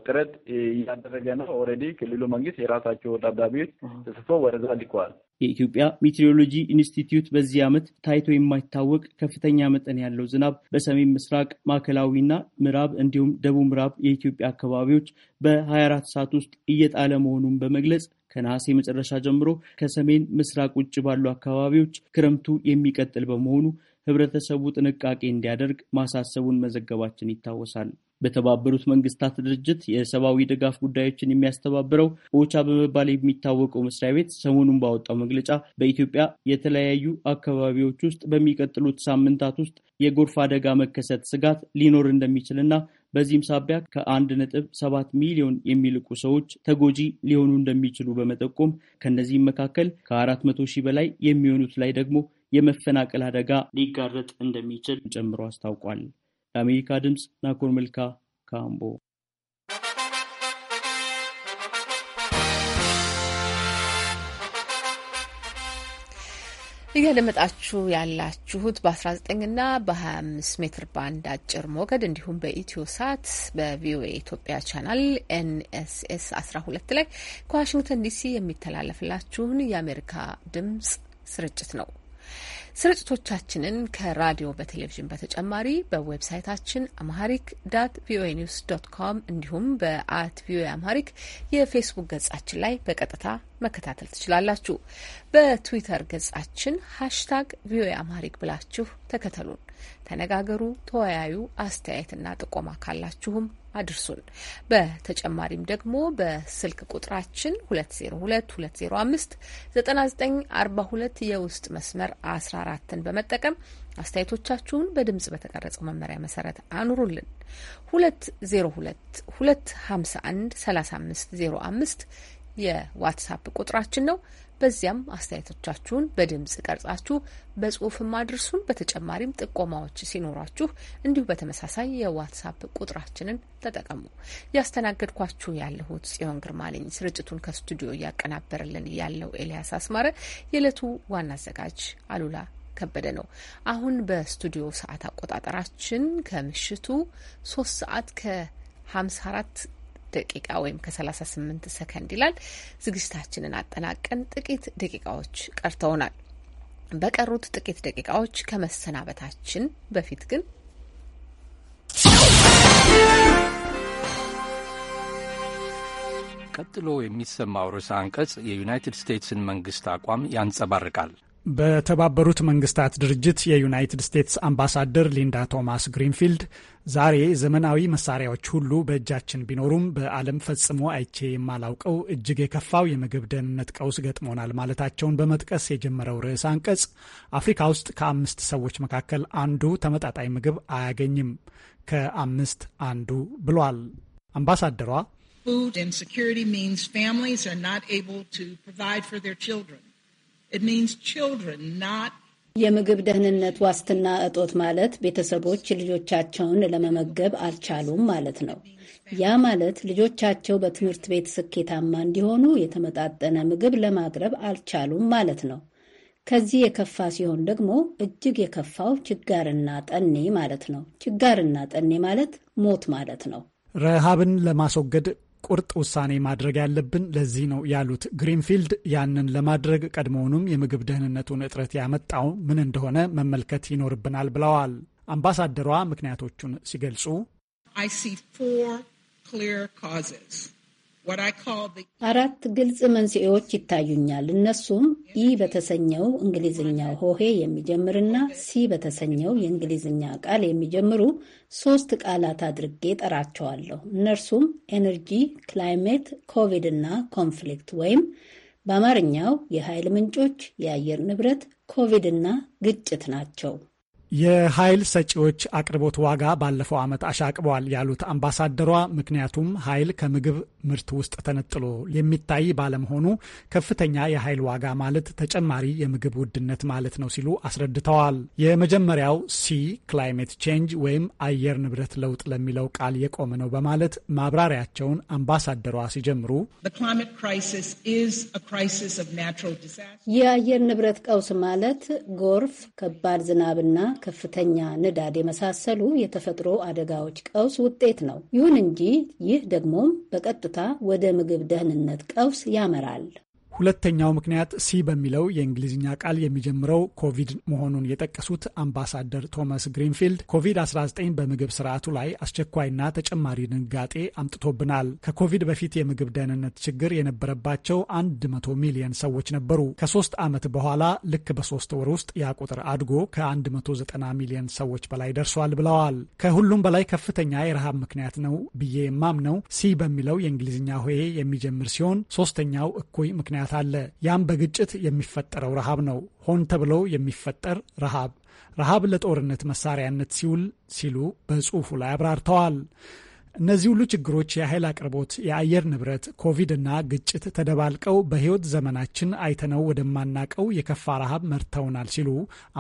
ጥረት እያደረገ ነው። ኦልሬዲ ክልሉ መንግስት የራሳቸው ደብዳቤዎች ተጽፎ ወደዛ ልከዋል። የኢትዮጵያ ሜትሮሎጂ ኢንስቲትዩት በዚህ ዓመት ታይቶ የማይታወቅ ከፍተኛ መጠን ያለው ዝናብ በሰሜን ምስራቅ፣ ማዕከላዊና ምዕራብ እንዲሁም ደቡብ ምዕራብ የኢትዮጵያ አካባቢዎች በ24 ሰዓት ውስጥ እየጣለ መሆኑን በመግለጽ ከነሐሴ መጨረሻ ጀምሮ ከሰሜን ምስራቅ ውጭ ባሉ አካባቢዎች ክረምቱ የሚቀጥል በመሆኑ ህብረተሰቡ ጥንቃቄ እንዲያደርግ ማሳሰቡን መዘገባችን ይታወሳል። በተባበሩት መንግስታት ድርጅት የሰብአዊ ድጋፍ ጉዳዮችን የሚያስተባብረው ኦቻ በመባል የሚታወቀው መስሪያ ቤት ሰሞኑን ባወጣው መግለጫ በኢትዮጵያ የተለያዩ አካባቢዎች ውስጥ በሚቀጥሉት ሳምንታት ውስጥ የጎርፍ አደጋ መከሰት ስጋት ሊኖር እንደሚችልና በዚህም ሳቢያ ከአንድ ነጥብ ሰባት ሚሊዮን የሚልቁ ሰዎች ተጎጂ ሊሆኑ እንደሚችሉ በመጠቆም ከእነዚህም መካከል ከአራት መቶ ሺህ በላይ የሚሆኑት ላይ ደግሞ የመፈናቀል አደጋ ሊጋረጥ እንደሚችል ጨምሮ አስታውቋል። ለአሜሪካ ድምፅ ናኮር መልካ ካምቦ እያደመጣችሁ ያላችሁት በ19ና በ25 ሜትር ባንድ አጭር ሞገድ እንዲሁም በኢትዮ ሳት በቪኦኤ ኢትዮጵያ ቻናል ኤንኤስኤስ 12 ላይ ከዋሽንግተን ዲሲ የሚተላለፍላችሁን የአሜሪካ ድምጽ ስርጭት ነው። ስርጭቶቻችንን ከራዲዮ በቴሌቪዥን በተጨማሪ በዌብሳይታችን አማሪክ ዳት ቪኦኤ ኒውስ ዶት ኮም እንዲሁም በአት ቪኦኤ አማሪክ የፌስቡክ ገጻችን ላይ በቀጥታ መከታተል ትችላላችሁ። በትዊተር ገጻችን ሀሽታግ ቪኦኤ አማሪክ ብላችሁ ተከተሉን፣ ተነጋገሩ፣ ተወያዩ። አስተያየትና ጥቆማ ካላችሁም አድርሱን። በተጨማሪም ደግሞ በስልክ ቁጥራችን 2022059942 የውስጥ መስመር 14ን በመጠቀም አስተያየቶቻችሁን በድምጽ በተቀረጸው መመሪያ መሰረት አኑሩልን። 2022513505 የዋትሳፕ ቁጥራችን ነው። በዚያም አስተያየቶቻችሁን በድምጽ ቀርጻችሁ በጽሁፍም አድርሱን። በተጨማሪም ጥቆማዎች ሲኖሯችሁ እንዲሁ በተመሳሳይ የዋትሳፕ ቁጥራችንን ተጠቀሙ። ያስተናገድኳችሁ ያለሁት ጽዮን ግርማ ነኝ። ስርጭቱን ከስቱዲዮ እያቀናበረልን ያለው ኤልያስ አስማረ፣ የዕለቱ ዋና አዘጋጅ አሉላ ከበደ ነው። አሁን በስቱዲዮ ሰዓት አቆጣጠራችን ከምሽቱ ሶስት ሰዓት ከ ሀምሳ አራት ደቂቃ ወይም ከ38 ሰከንድ ይላል። ዝግጅታችንን አጠናቀን ጥቂት ደቂቃዎች ቀርተውናል። በቀሩት ጥቂት ደቂቃዎች ከመሰናበታችን በፊት ግን ቀጥሎ የሚሰማው ርዕሰ አንቀጽ የዩናይትድ ስቴትስን መንግስት አቋም ያንጸባርቃል። በተባበሩት መንግስታት ድርጅት የዩናይትድ ስቴትስ አምባሳደር ሊንዳ ቶማስ ግሪንፊልድ ዛሬ ዘመናዊ መሳሪያዎች ሁሉ በእጃችን ቢኖሩም በዓለም ፈጽሞ አይቼ የማላውቀው እጅግ የከፋው የምግብ ደህንነት ቀውስ ገጥሞናል ማለታቸውን በመጥቀስ የጀመረው ርዕስ አንቀጽ አፍሪካ ውስጥ ከአምስት ሰዎች መካከል አንዱ ተመጣጣኝ ምግብ አያገኝም፣ ከአምስት አንዱ ብሏል አምባሳደሯ። Food insecurity means የምግብ ደህንነት ዋስትና እጦት ማለት ቤተሰቦች ልጆቻቸውን ለመመገብ አልቻሉም ማለት ነው። ያ ማለት ልጆቻቸው በትምህርት ቤት ስኬታማ እንዲሆኑ የተመጣጠነ ምግብ ለማቅረብ አልቻሉም ማለት ነው። ከዚህ የከፋ ሲሆን ደግሞ እጅግ የከፋው ችጋርና ጠኔ ማለት ነው። ችጋርና ጠኔ ማለት ሞት ማለት ነው። ረሃብን ለማስወገድ ቁርጥ ውሳኔ ማድረግ ያለብን ለዚህ ነው ያሉት ግሪንፊልድ። ያንን ለማድረግ ቀድሞውኑም የምግብ ደህንነቱን እጥረት ያመጣው ምን እንደሆነ መመልከት ይኖርብናል ብለዋል። አምባሳደሯ ምክንያቶቹን ሲገልጹ አራት ግልጽ መንስኤዎች ይታዩኛል። እነሱም ኢ በተሰኘው እንግሊዝኛ ሆሄ የሚጀምርና ሲ በተሰኘው የእንግሊዝኛ ቃል የሚጀምሩ ሶስት ቃላት አድርጌ ጠራቸዋለሁ። እነርሱም ኤነርጂ፣ ክላይሜት፣ ኮቪድ እና ኮንፍሊክት ወይም በአማርኛው የኃይል ምንጮች፣ የአየር ንብረት፣ ኮቪድ እና ግጭት ናቸው። የኃይል ሰጪዎች አቅርቦት ዋጋ ባለፈው ዓመት አሻቅበዋል ያሉት አምባሳደሯ ምክንያቱም ኃይል ከምግብ ምርት ውስጥ ተነጥሎ የሚታይ ባለመሆኑ ከፍተኛ የኃይል ዋጋ ማለት ተጨማሪ የምግብ ውድነት ማለት ነው ሲሉ አስረድተዋል። የመጀመሪያው ሲ ክላይሜት ቼንጅ ወይም አየር ንብረት ለውጥ ለሚለው ቃል የቆመ ነው በማለት ማብራሪያቸውን አምባሳደሯ ሲጀምሩ የአየር ንብረት ቀውስ ማለት ጎርፍ፣ ከባድ ዝናብና ከፍተኛ ንዳድ የመሳሰሉ የተፈጥሮ አደጋዎች ቀውስ ውጤት ነው። ይሁን እንጂ ይህ ደግሞም በቀጥታ ወደ ምግብ ደህንነት ቀውስ ያመራል። ሁለተኛው ምክንያት ሲ በሚለው የእንግሊዝኛ ቃል የሚጀምረው ኮቪድ መሆኑን የጠቀሱት አምባሳደር ቶማስ ግሪንፊልድ ኮቪድ-19 በምግብ ስርዓቱ ላይ አስቸኳይና ተጨማሪ ድንጋጤ አምጥቶብናል። ከኮቪድ በፊት የምግብ ደህንነት ችግር የነበረባቸው 100 ሚሊዮን ሰዎች ነበሩ። ከሶስት ዓመት በኋላ ልክ በሶስት ወር ውስጥ ያ ቁጥር አድጎ ከ190 ሚሊዮን ሰዎች በላይ ደርሷል ብለዋል። ከሁሉም በላይ ከፍተኛ የረሃብ ምክንያት ነው ብዬ የማምነው ሲ በሚለው የእንግሊዝኛ ሆሄ የሚጀምር ሲሆን ሶስተኛው እኩይ ምክንያት ምክንያት አለ። ያም በግጭት የሚፈጠረው ረሃብ ነው። ሆን ተብሎ የሚፈጠር ረሃብ ረሃብ ለጦርነት መሳሪያነት ሲውል ሲሉ በጽሁፉ ላይ አብራርተዋል። እነዚህ ሁሉ ችግሮች የኃይል አቅርቦት፣ የአየር ንብረት፣ ኮቪድና ግጭት ተደባልቀው በሕይወት ዘመናችን አይተነው ወደማናቀው የከፋ ረሃብ መርተውናል ሲሉ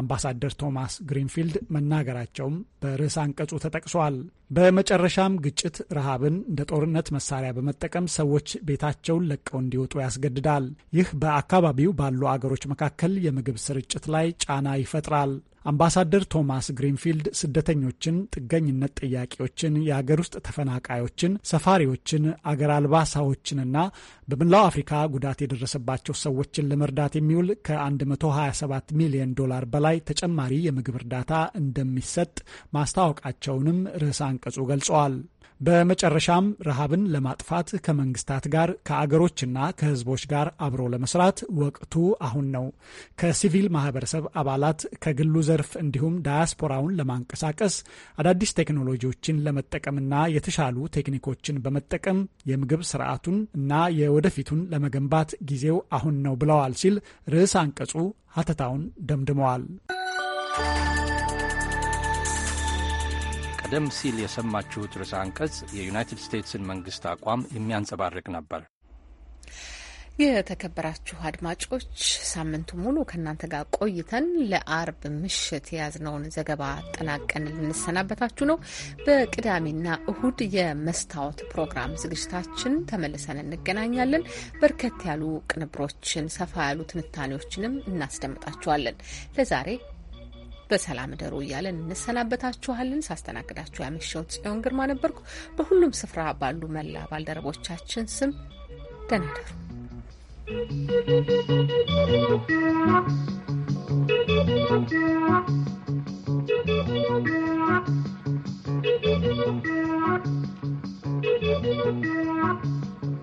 አምባሳደር ቶማስ ግሪንፊልድ መናገራቸውም በርዕስ አንቀጹ ተጠቅሷል። በመጨረሻም ግጭት ረሃብን እንደ ጦርነት መሳሪያ በመጠቀም ሰዎች ቤታቸውን ለቀው እንዲወጡ ያስገድዳል። ይህ በአካባቢው ባሉ አገሮች መካከል የምግብ ስርጭት ላይ ጫና ይፈጥራል። አምባሳደር ቶማስ ግሪንፊልድ ስደተኞችን፣ ጥገኝነት ጠያቂዎችን፣ የአገር ውስጥ ተፈናቃዮችን፣ ሰፋሪዎችን፣ አገር አልባ ሰዎችንና በመላው አፍሪካ ጉዳት የደረሰባቸው ሰዎችን ለመርዳት የሚውል ከ127 ሚሊዮን ዶላር በላይ ተጨማሪ የምግብ እርዳታ እንደሚሰጥ ማስታወቃቸውንም ርዕሰ አንቀጹ ገልጸዋል። በመጨረሻም ረሃብን ለማጥፋት ከመንግስታት ጋር ከአገሮችና ከህዝቦች ጋር አብሮ ለመስራት ወቅቱ አሁን ነው። ከሲቪል ማህበረሰብ አባላት ከግሉ ዘርፍ እንዲሁም ዳያስፖራውን ለማንቀሳቀስ አዳዲስ ቴክኖሎጂዎችን ለመጠቀምና የተሻሉ ቴክኒኮችን በመጠቀም የምግብ ስርዓቱን እና የወደፊቱን ለመገንባት ጊዜው አሁን ነው ብለዋል ሲል ርዕስ አንቀጹ ሀተታውን ደምድመዋል። ቀደም ሲል የሰማችሁት ርዕሰ አንቀጽ የዩናይትድ ስቴትስን መንግስት አቋም የሚያንጸባርቅ ነበር። የተከበራችሁ አድማጮች ሳምንቱ ሙሉ ከእናንተ ጋር ቆይተን ለአርብ ምሽት የያዝነውን ዘገባ አጠናቀን ልንሰናበታችሁ ነው። በቅዳሜና እሁድ የመስታወት ፕሮግራም ዝግጅታችን ተመልሰን እንገናኛለን። በርከት ያሉ ቅንብሮችን፣ ሰፋ ያሉ ትንታኔዎችንም እናስደምጣችኋለን። ለዛሬ በሰላም እደሩ እያለን እንሰናበታችኋለን። ሳስተናግዳችሁ ያመሸሁት ጽዮን ግርማ ነበርኩ። በሁሉም ስፍራ ባሉ መላ ባልደረቦቻችን ስም ደህና